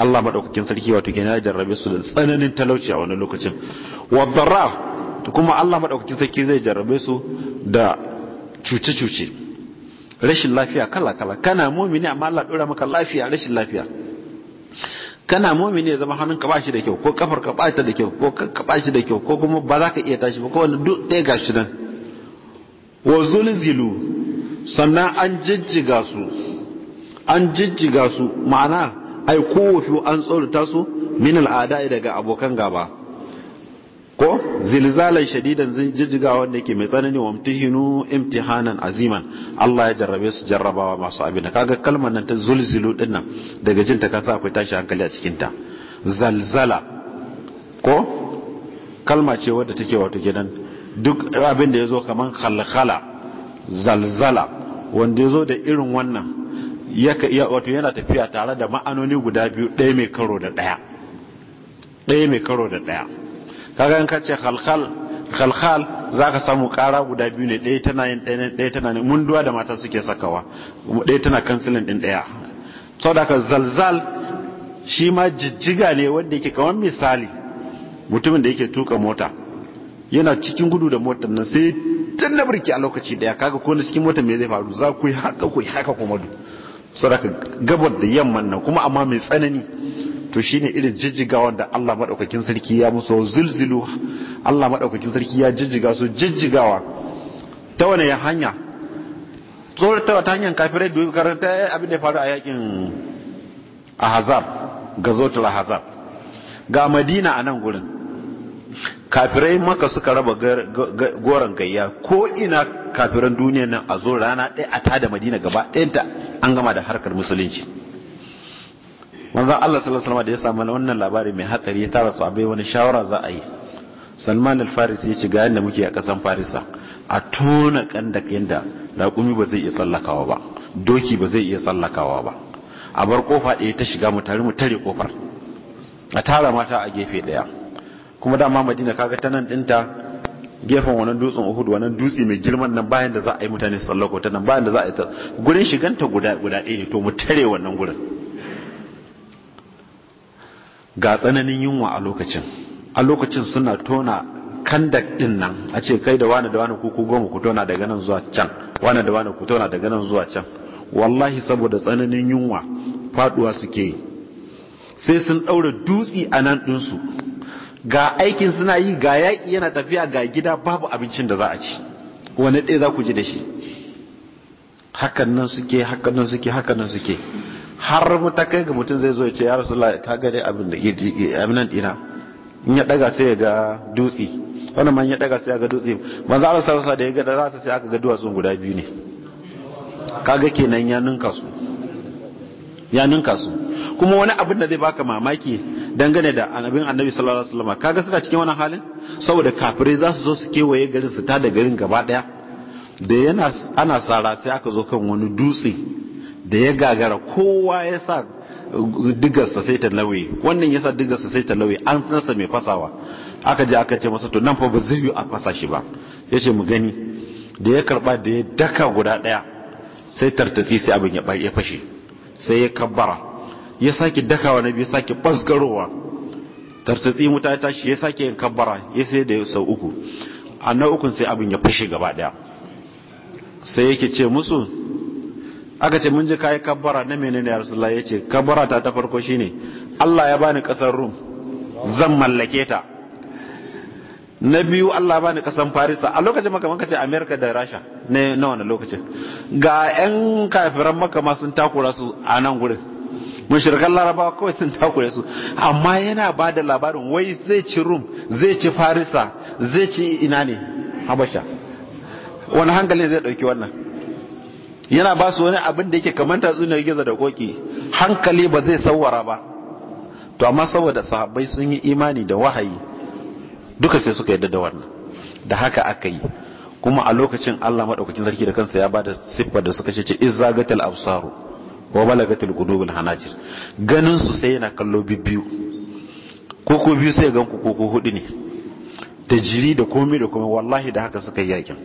Allah madaukakin sarki wato kenan ya jarrabe su da tsananin talauci a wani lokacin wa to kuma Allah madaukakin sarki zai jarrabe su da cuce-cuce rashin lafiya kala-kala kana mumini amma Allah dora maka lafiya rashin lafiya kana mumini ya zama hannunka ba shi da kyau ko kafar ka bata da kyau ko ka ba shi da kyau ko kuma ba za ka iya tashi ba ko wani duk ɗaya gashi nan wa zulzilu sannan an jijjiga su an jijjiga su ma'ana ai kowafi an tsorata su min al'ada daga abokan gaba ko zilzalan shadidan jijjiga wanda yake mai tsanani wa imtihinu imtihanan aziman Allah ya jarrabe su jarrabawa masu abin da kaga kalmar nan ta zulzulu din nan daga jin ta kasa akwai tashi hankali a cikin ta zalzala ko kalma ce wadda take wato gidan duk abin da yazo kaman khalkhala zalzala wanda yazo da irin wannan ya wato yana tafiya tare da ma'anoni guda biyu ɗaya mai karo da ɗaya ɗaya mai karo da ɗaya kaga in ka ce khalkhal khalkhal zaka samu kara guda biyu ne ɗaya tana yin ɗaya tana ne mun duwa da mata suke sakawa ɗaya tana kansilin ɗin ɗaya da ka zalzal shi ma jijjiga ne wanda yake kamar misali mutumin da yake tuka mota yana cikin gudu da motar nan sai tun na birki a lokaci daya kaga ko na cikin motar me zai faru za ku yi haka ku yi haka kuma du ka gabar da yamman nan kuma amma mai tsanani to shine irin jijjigawa da Allah madaukakin sarki ya musu zulzulu Allah madaukakin sarki ya jijjiga su jijjigawa ta wane ya hanya tsoratawa ta hanyar kafirai da karanta eh, abin da ya faru a yakin ahzab gazotul ahzab ga madina a nan gurin kafirai maka suka raba goron gayya ko ina kafiran duniya nan a zo rana ɗaya a tada madina gaba ɗayanta an gama da harkar musulunci manzon Allah sallallahu alaihi da ya samu wannan labari mai hatsari ya tara sahabbai wani shawara za a yi Salman al-Farisi ya ce ga yanda muke a kasan Farisa a tona kanda yanda raƙumi ba zai iya tsallakawa ba doki ba zai iya tsallakawa ba a bar kofa ɗaya ta shiga mu tare mu tare kofar a tara mata a gefe ɗaya kuma dama Madina kaga ta nan ɗinta gefen wannan dutsen Uhud wannan dutse mai girman nan bayan da za a yi mutane sallako ta nan bayan da za a yi ta gurin shiganta guda guda ɗaya ne to mu tare wannan gurin ga tsananin yunwa a lokacin a lokacin suna tona kandak din nan a ce kai da wani da wani kuku goma ku tona daga nan zuwa can wani da wani ku tona daga nan zuwa can wallahi saboda tsananin yunwa faduwa suke yi sai sun ɗaura dutse a nan ɗinsu ga aikin suna yi ga yaƙi yana tafiya ga gida babu abincin da za a ci wani ɗaya za ku ji da shi hakan nan suke hakan nan suke hakan nan suke har mu ta kai ga mutum zai zo ya ce ya rasu ka ga dai abin da abin nan dina in ya daga sai ya ga dutse Wani man ya daga sai ya ga dutse manzo Allah sallallahu da ya ga rasa sai aka ga duwatsun guda biyu ne kaga kenan ya ninka su ya ninka su kuma wani abin da zai baka mamaki dangane da annabin annabi sallallahu alaihi wasallam kaga suna cikin wannan halin saboda kafirai za su zo su kewaye garin su ta tada garin gaba daya da yana ana sara sai aka zo kan wani dutse da ya gagara kowa ya sa digarsa sai ta lauye wannan ya sa digarsa sai ta lauye an nasa mai fasawa aka je aka ce masa to nan fa ba zai yi a fasa shi ba ya ce mu gani da ya karba da ya daka guda daya sai tartasi sai abin ya fashe sai ya kabbara ya sake dakawa na biyu sake basgarowa muta ya tashi ya sake yin kabbara ya sai da sau uku a nau'ukun sai abin ya fashe gaba daya sai yake ce musu aka ce mun ji kayi kabbara na menene ya rasulullah ya ce kabbara ta ta farko shine Allah ya bani kasar Rum zan mallake ta na biyu Allah ya bani kasan Farisa a lokacin maka maka ce America da Russia ne na wannan lokacin ga ƴan kafiran maka ma sun takura su a nan gurin mushrikan larabawa kawai sun takure su amma yana ba da labarin wai zai ci Rum zai ci Farisa zai ci ina ne Habasha wani hankali zai dauki wannan yana ba su wani abin da yake kamar tatsuniyar gizo da koki hankali ba zai sauwara ba to amma saboda sahabbai sun yi imani da wahayi duka sai suka yadda da wannan da haka aka yi kuma a lokacin Allah madaukakin sarki da kansa ya ba da siffar da suka ce ce izagatul absaru wa balagatul qulubul hanajir ganin su sai yana kallo bibbiyu ko ko biyu sai gan ku ko ko hudu ne da jiri da komai da komai wallahi da haka suka yi yakin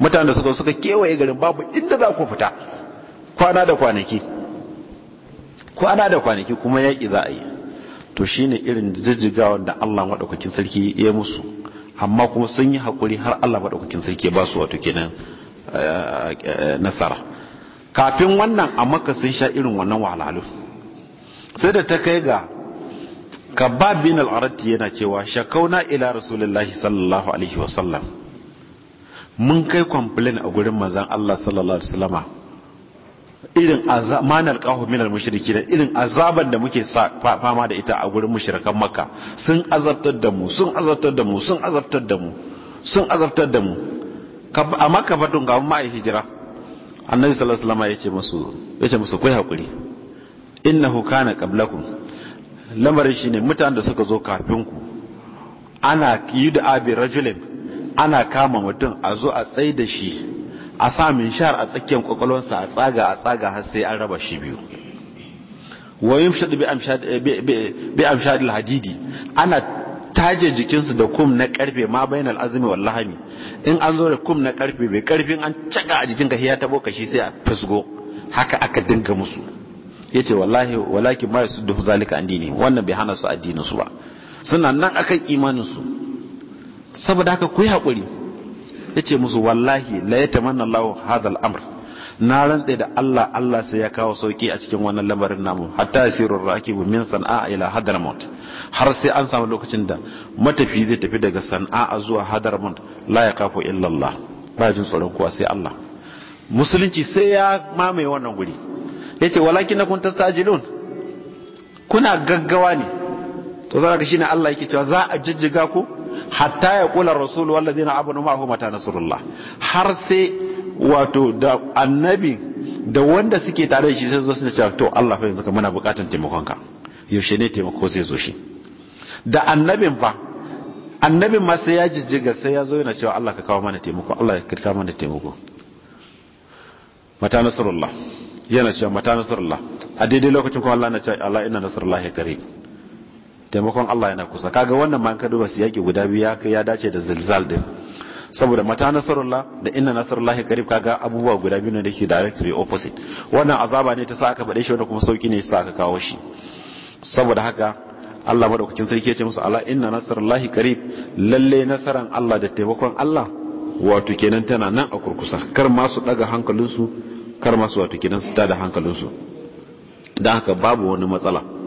mutane da suka suka kewaye garin babu inda za ku fita kwana da kwanaki kwana da kwanaki kuma yaƙi za a yi to shine irin jijjigawan da Allah maɗaukakin sarki ya musu amma kuma sun yi haƙuri har Allah maɗaukakin sarki ya ba su wato kenan eh, eh, nasara kafin wannan a maka sun sha irin wannan wahalhalu sai da ta kai ga kabab bin al yana cewa shakauna ila rasulullahi sallallahu alaihi wasallam mun kai complain a gurin manzon Allah sallallahu alaihi wasallama irin manar kawo minar mashirki da irin azaban da muke fama da ita a gurin mashirkan makka sun azabtar da mu sun azabtar da mu sun azabtar da mu sun azabtar da mu a maka fadin ga ma'a hijira annabi sallallahu alaihi wasallam yace musu yace musu kai hakuri innahu kana qablakum lamarin shine mutanen da suka zo kafin ku ana da abi rajulin ana kama mutum a zo a tsaye da shi a sa shahar a tsakiyar kwakwalwarsa a tsaga a tsaga har sai an raba shi biyu wayin shaɗu bi amshad eh, hadidi ana taje jikinsu da kum na karfe ma bainal azumi wallahami in an zo da kum na karfe bai karfin an caka a jikin ka ta boka kashi sai a fasgo haka aka dinga musu Ya ce wallahi walakin ma duhu zalika andini wannan bai hana su addinin su ba suna nan akan imanin su saboda haka ku yi haƙuri ya ce musu wallahi la ya tamanna Allah hada al'amur na rantse da Allah Allah sai ya kawo sauki a cikin wannan lamarin namu hatta yasirur rakibu min san'a ila hadramut har sai an samu lokacin da matafi zai tafi daga san'a zuwa hadramut la ya kafu illa Allah ba jin tsoron kuwa sai Allah musulunci sai ya mamaye wannan guri yace walakin kun tastajilun kuna gaggawa ne to zaka shine Allah yake cewa za a jijjiga ku hatta ya kula rasul wallazina amanu ma'ahu mata nasrullah har sai wato da annabi da wanda suke tare da shi sai zo su ce to Allah fa yanzu muna bukatan taimakon ka yaushe ne taimako sai zo shi da annabin fa annabin ma sai ya jijjiga sai ya zo yana cewa Allah ka kawo mana taimako Allah ya kirka mana taimako mata nasrullah yana cewa mata nasrullah a daidai lokacin kuma Allah na cewa Allah inna nasrullahi qarib taimakon Allah yana kusa kaga wannan ma in ka duba siyaki guda biyu ya ya dace da zilzal din saboda mata nasarullah da inna nasarullahi qarib kaga abubuwa guda biyu ne dake directly opposite wannan azaba ne ta sa aka bade shi wanda kuma sauki ne ta sa aka kawo shi saboda haka Allah madaukakin sarki ya ce musu ala inna nasarullahi qarib lalle nasaran Allah da taimakon Allah wato kenan tana nan a kurkusa kar ma su daga hankalinsu kar ma su wato kenan su tada hankalinsu dan haka babu wani matsala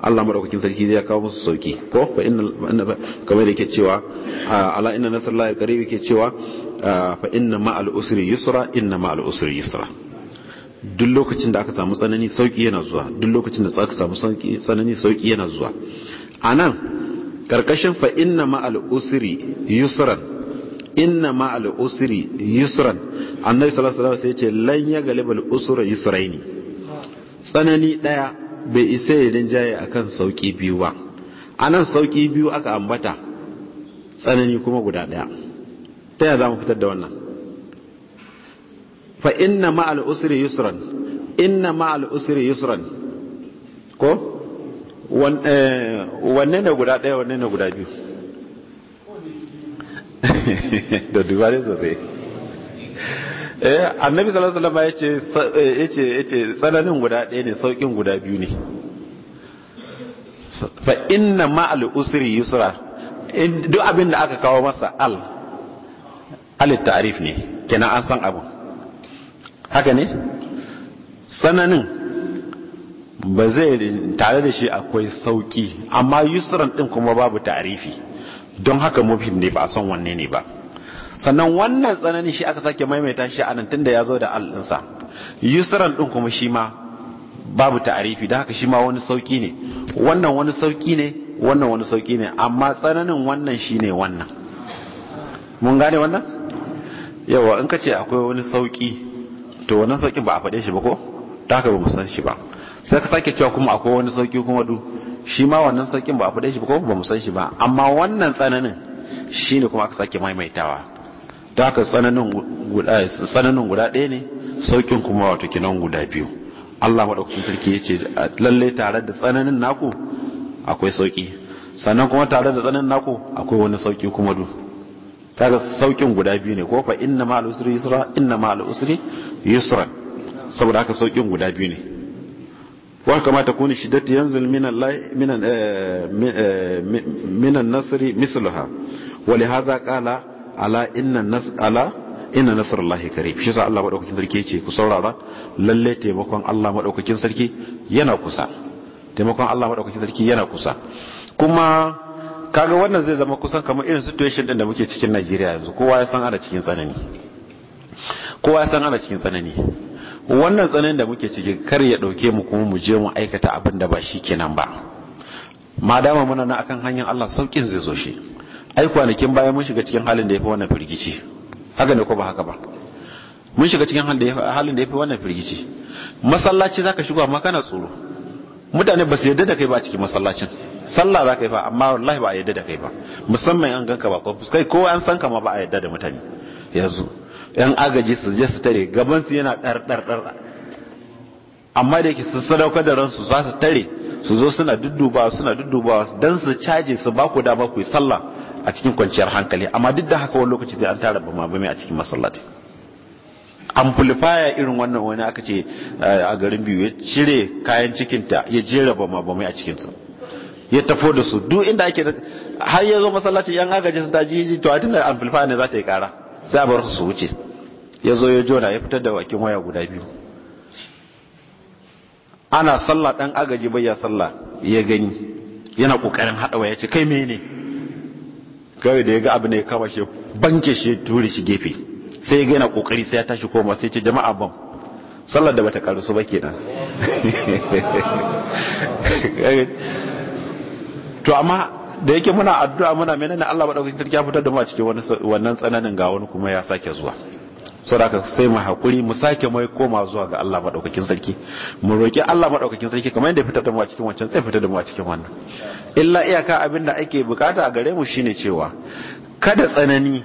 Allah madaukakin sarki zai kawo musu sauki ko fa inna kamar yake cewa ala inna nasrullahi qarib yake cewa fa inna ma'al usri yusra inna ma'al usri yusra duk lokacin da aka samu tsanani sauki yana zuwa duk lokacin da aka samu tsanani sauki yana zuwa anan karkashin fa inna ma'al usri yusran inna ma'al usri yusran annabi sallallahu alaihi wasallam sai ya ce lan ya galibal usra yusraini tsanani daya bai isa ya rinjaye akan sauki biyu ba anan sauki biyu aka ambata tsanani kuma guda daya ta za zamu fitar da wannan fa inna ma'al usri yusran inna ma'al usri yusran ko eh, wanne ne guda ɗaya wanne ne guda biyu da dubare sosai eh annabi sallallahu alaihi wasallam yace eh, yace tsananin guda ɗaya ne saukin guda biyu ne fa inna ma'al usri yusra duk abin da aka kawo masa al al ta'rif ne kenan an san abu haka ne tsananin ba zai tare da shi akwai sauki amma yusran din kuma babu ta'rifi don haka mufid ne ba a san wanne ne ba sannan wannan tsananin shi aka sake maimaita shi a nan tunda ya zo da al'insa yusran din kuma shi ma babu ta'arifi da haka shi ma wani sauki ne wannan wani sauki ne wannan wani sauki ne amma tsananin wannan shi ne wannan mun gane wannan yawa in ka ce akwai wani sauki to wannan sauƙin ba a faɗe shi ba ko da haka ba mu san shi ba sai ka sake cewa kuma akwai wani sauki kuma du shi ma wannan sauƙin ba a faɗe shi ba ko ba mu san shi ba amma wannan tsananin shi ne kuma aka sake maimaitawa da haka tsananin guda ɗaya ne saukin kuma wato kinan guda biyu Allah maɗaukakin sarki ya ce lalle tare da tsananin naku akwai sauki sannan kuma tare da tsananin naku akwai wani sauki kuma du kaga saukin guda biyu ne ko fa inna ma al-usri yusra inna ma al-usri yusra saboda haka saukin guda biyu ne wa kamata kuni shiddatu yanzil minan minan eh, eh, minan nasri mislaha wa lihadha qala ala inna nas ala inna nasrullahi karim shi sa Allah madaukakin sarki yace ku saurara lalle taimakon Allah madaukakin sarki yana kusa taimakon Allah madaukakin sarki yana kusa kuma kaga wannan zai zama kusan kamar irin situation din da muke cikin Najeriya yanzu kowa ya san ana cikin tsanani kowa ya san ana cikin tsanani wannan tsananin da muke ciki kar ya dauke mu kuma mu je mu aikata abin da ba shi kenan ba madama muna na akan hanyar Allah saukin zai zo shi ai kwanakin baya mun shiga cikin halin da ya fi wannan firgici haka ne ko ba haka ba mun shiga cikin halin da ya fi wannan firgici masallaci za ka shigo amma kana tsoro mutane ba su yadda da kai ba cikin masallacin sallah za ka yi ba amma wallahi ba a yadda da kai ba musamman an ganka ba ko kai ko an san ka ma ba a yadda da mutane yanzu yan agaji su je su tare gaban su yana dar dar dar amma da yake sun sadaukar da ransu za su tare su zo suna duddubawa suna duddubawa dan su caje su ba ku dama ku yi sallah a cikin kwanciyar hankali amma duk da haka wani lokaci sai an tara ba bame a cikin masallaci amplifier irin wannan wani aka ce eh, a garin biyu ya cire kayan cikinta ya jera ba bame a cikinsa ya tafo da su duk inda ake har ya zo masallaci yan agaji sun taji to a tunda amplifier ne za ta yi kara sai a bar su wuce ya zo ya jona ya fitar da wakin waya guda biyu ana sallah dan agaji bai ya sallah ya gani yana kokarin hada waya ce kai mene kawai da ya ga abu ne kama shi banke shi turi shi gefe sai ya gaina kokari sai ya tashi koma sai ce jama'a ban sallar da bata karu su ba kenan to amma da yake muna addu'a muna menene Allah dauki sarki ya fitar da mu a cikin wannan tsananin ga wani kuma ya sake zuwa saboda sai mu hakuri mu sake mai koma zuwa ga Allah madaukakin sarki mu roki Allah madaukakin sarki kamar yadda fitar da mu a cikin wancan sai fitar da mu a cikin wannan illa iyaka abin da ake bukata a gare mu shine cewa kada tsanani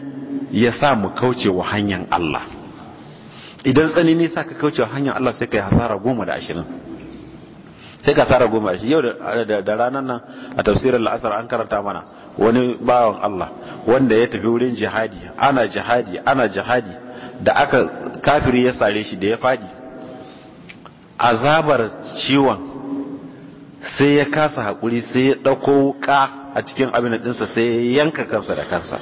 ya sa mu kauce wa hanyar Allah idan tsanani sa ka kauce wa hanyar Allah sai kai hasara goma da ashirin sai ka hasara goma da ashirin yau da ranar nan a tafsirin la'asar an karanta mana wani bawan Allah wanda ya tafi wurin jihadi ana jihadi ana jihadi da aka kafiri ya sare shi da ya fadi azabar ciwon sai ya kasa haƙuri sai ya ɗauko wuka a cikin abinadinsa sai ya yanka kansa da kansa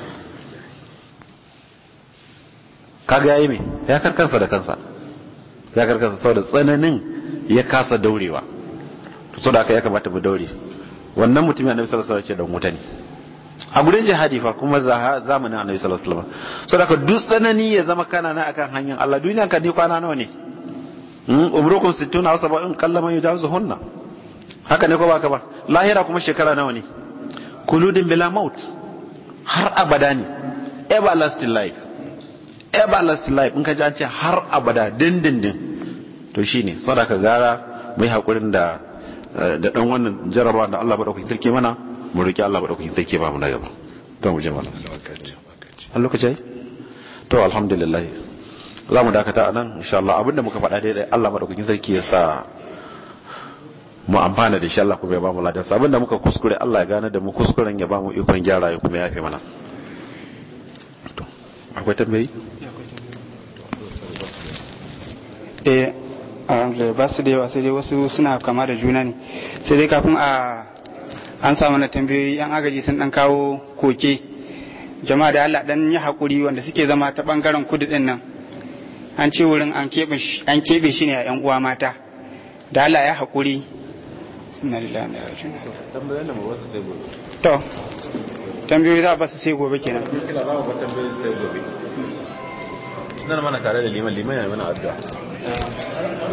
kaga yi me ya karkansa da kansa ya karkansa da tsananin ya kasa daurewa to da aka ya kamata mu daure wannan mutumin na sallallahu alaihi wasallam ce dan ne a gudun jihadi fa kuma zamanin annabi sallallahu alaihi wasallam da ka tsanani ya zama kana na akan hanyar Allah duniya ka ni kwana nawa ne hmm? umrukum sittuna wa sab'un kallama yujawizu hunna haka ne ko baka ba lahira kuma shekara nawa ne kuludin bila maut har abada ne everlasting life everlasting life in ka ji an ce har abada dindindin to shine sadaka gara mai hakurin da eh, da dan wannan jarabawa da Allah ba dauki sarki mana mu roki Allah da kuke take ba mu na gaba to mu jama'a Allah an lokaci to alhamdulillah za mu dakata anan insha Allah abinda muka faɗa dai Allah kuke sarki ya sa mu amfana da insha Allah kuma ya mu ladan sa abinda muka kuskure Allah ya gane da mu kuskuren ya ba mu ikon gyara ya kuma yafe mana to akwai tambayi eh alhamdulillah ba su da yawa sai dai wasu suna kama da juna ne sai dai kafin a an samu na tambayoyi yan agaji sun dan kawo koke jama'a da Allah dan yi hakuri wanda suke zama ta bangaren kudu din nan an ce wurin an keɓe an keɓe shi ne a yan uwa mata da Allah ya hakuri lillahi wa tambayoyin da ba su sai gobe to tambayoyi za ba su sai gobe kenan kila za ba tambayoyi sai gobe nan mana tare da liman liman yana mana addu'a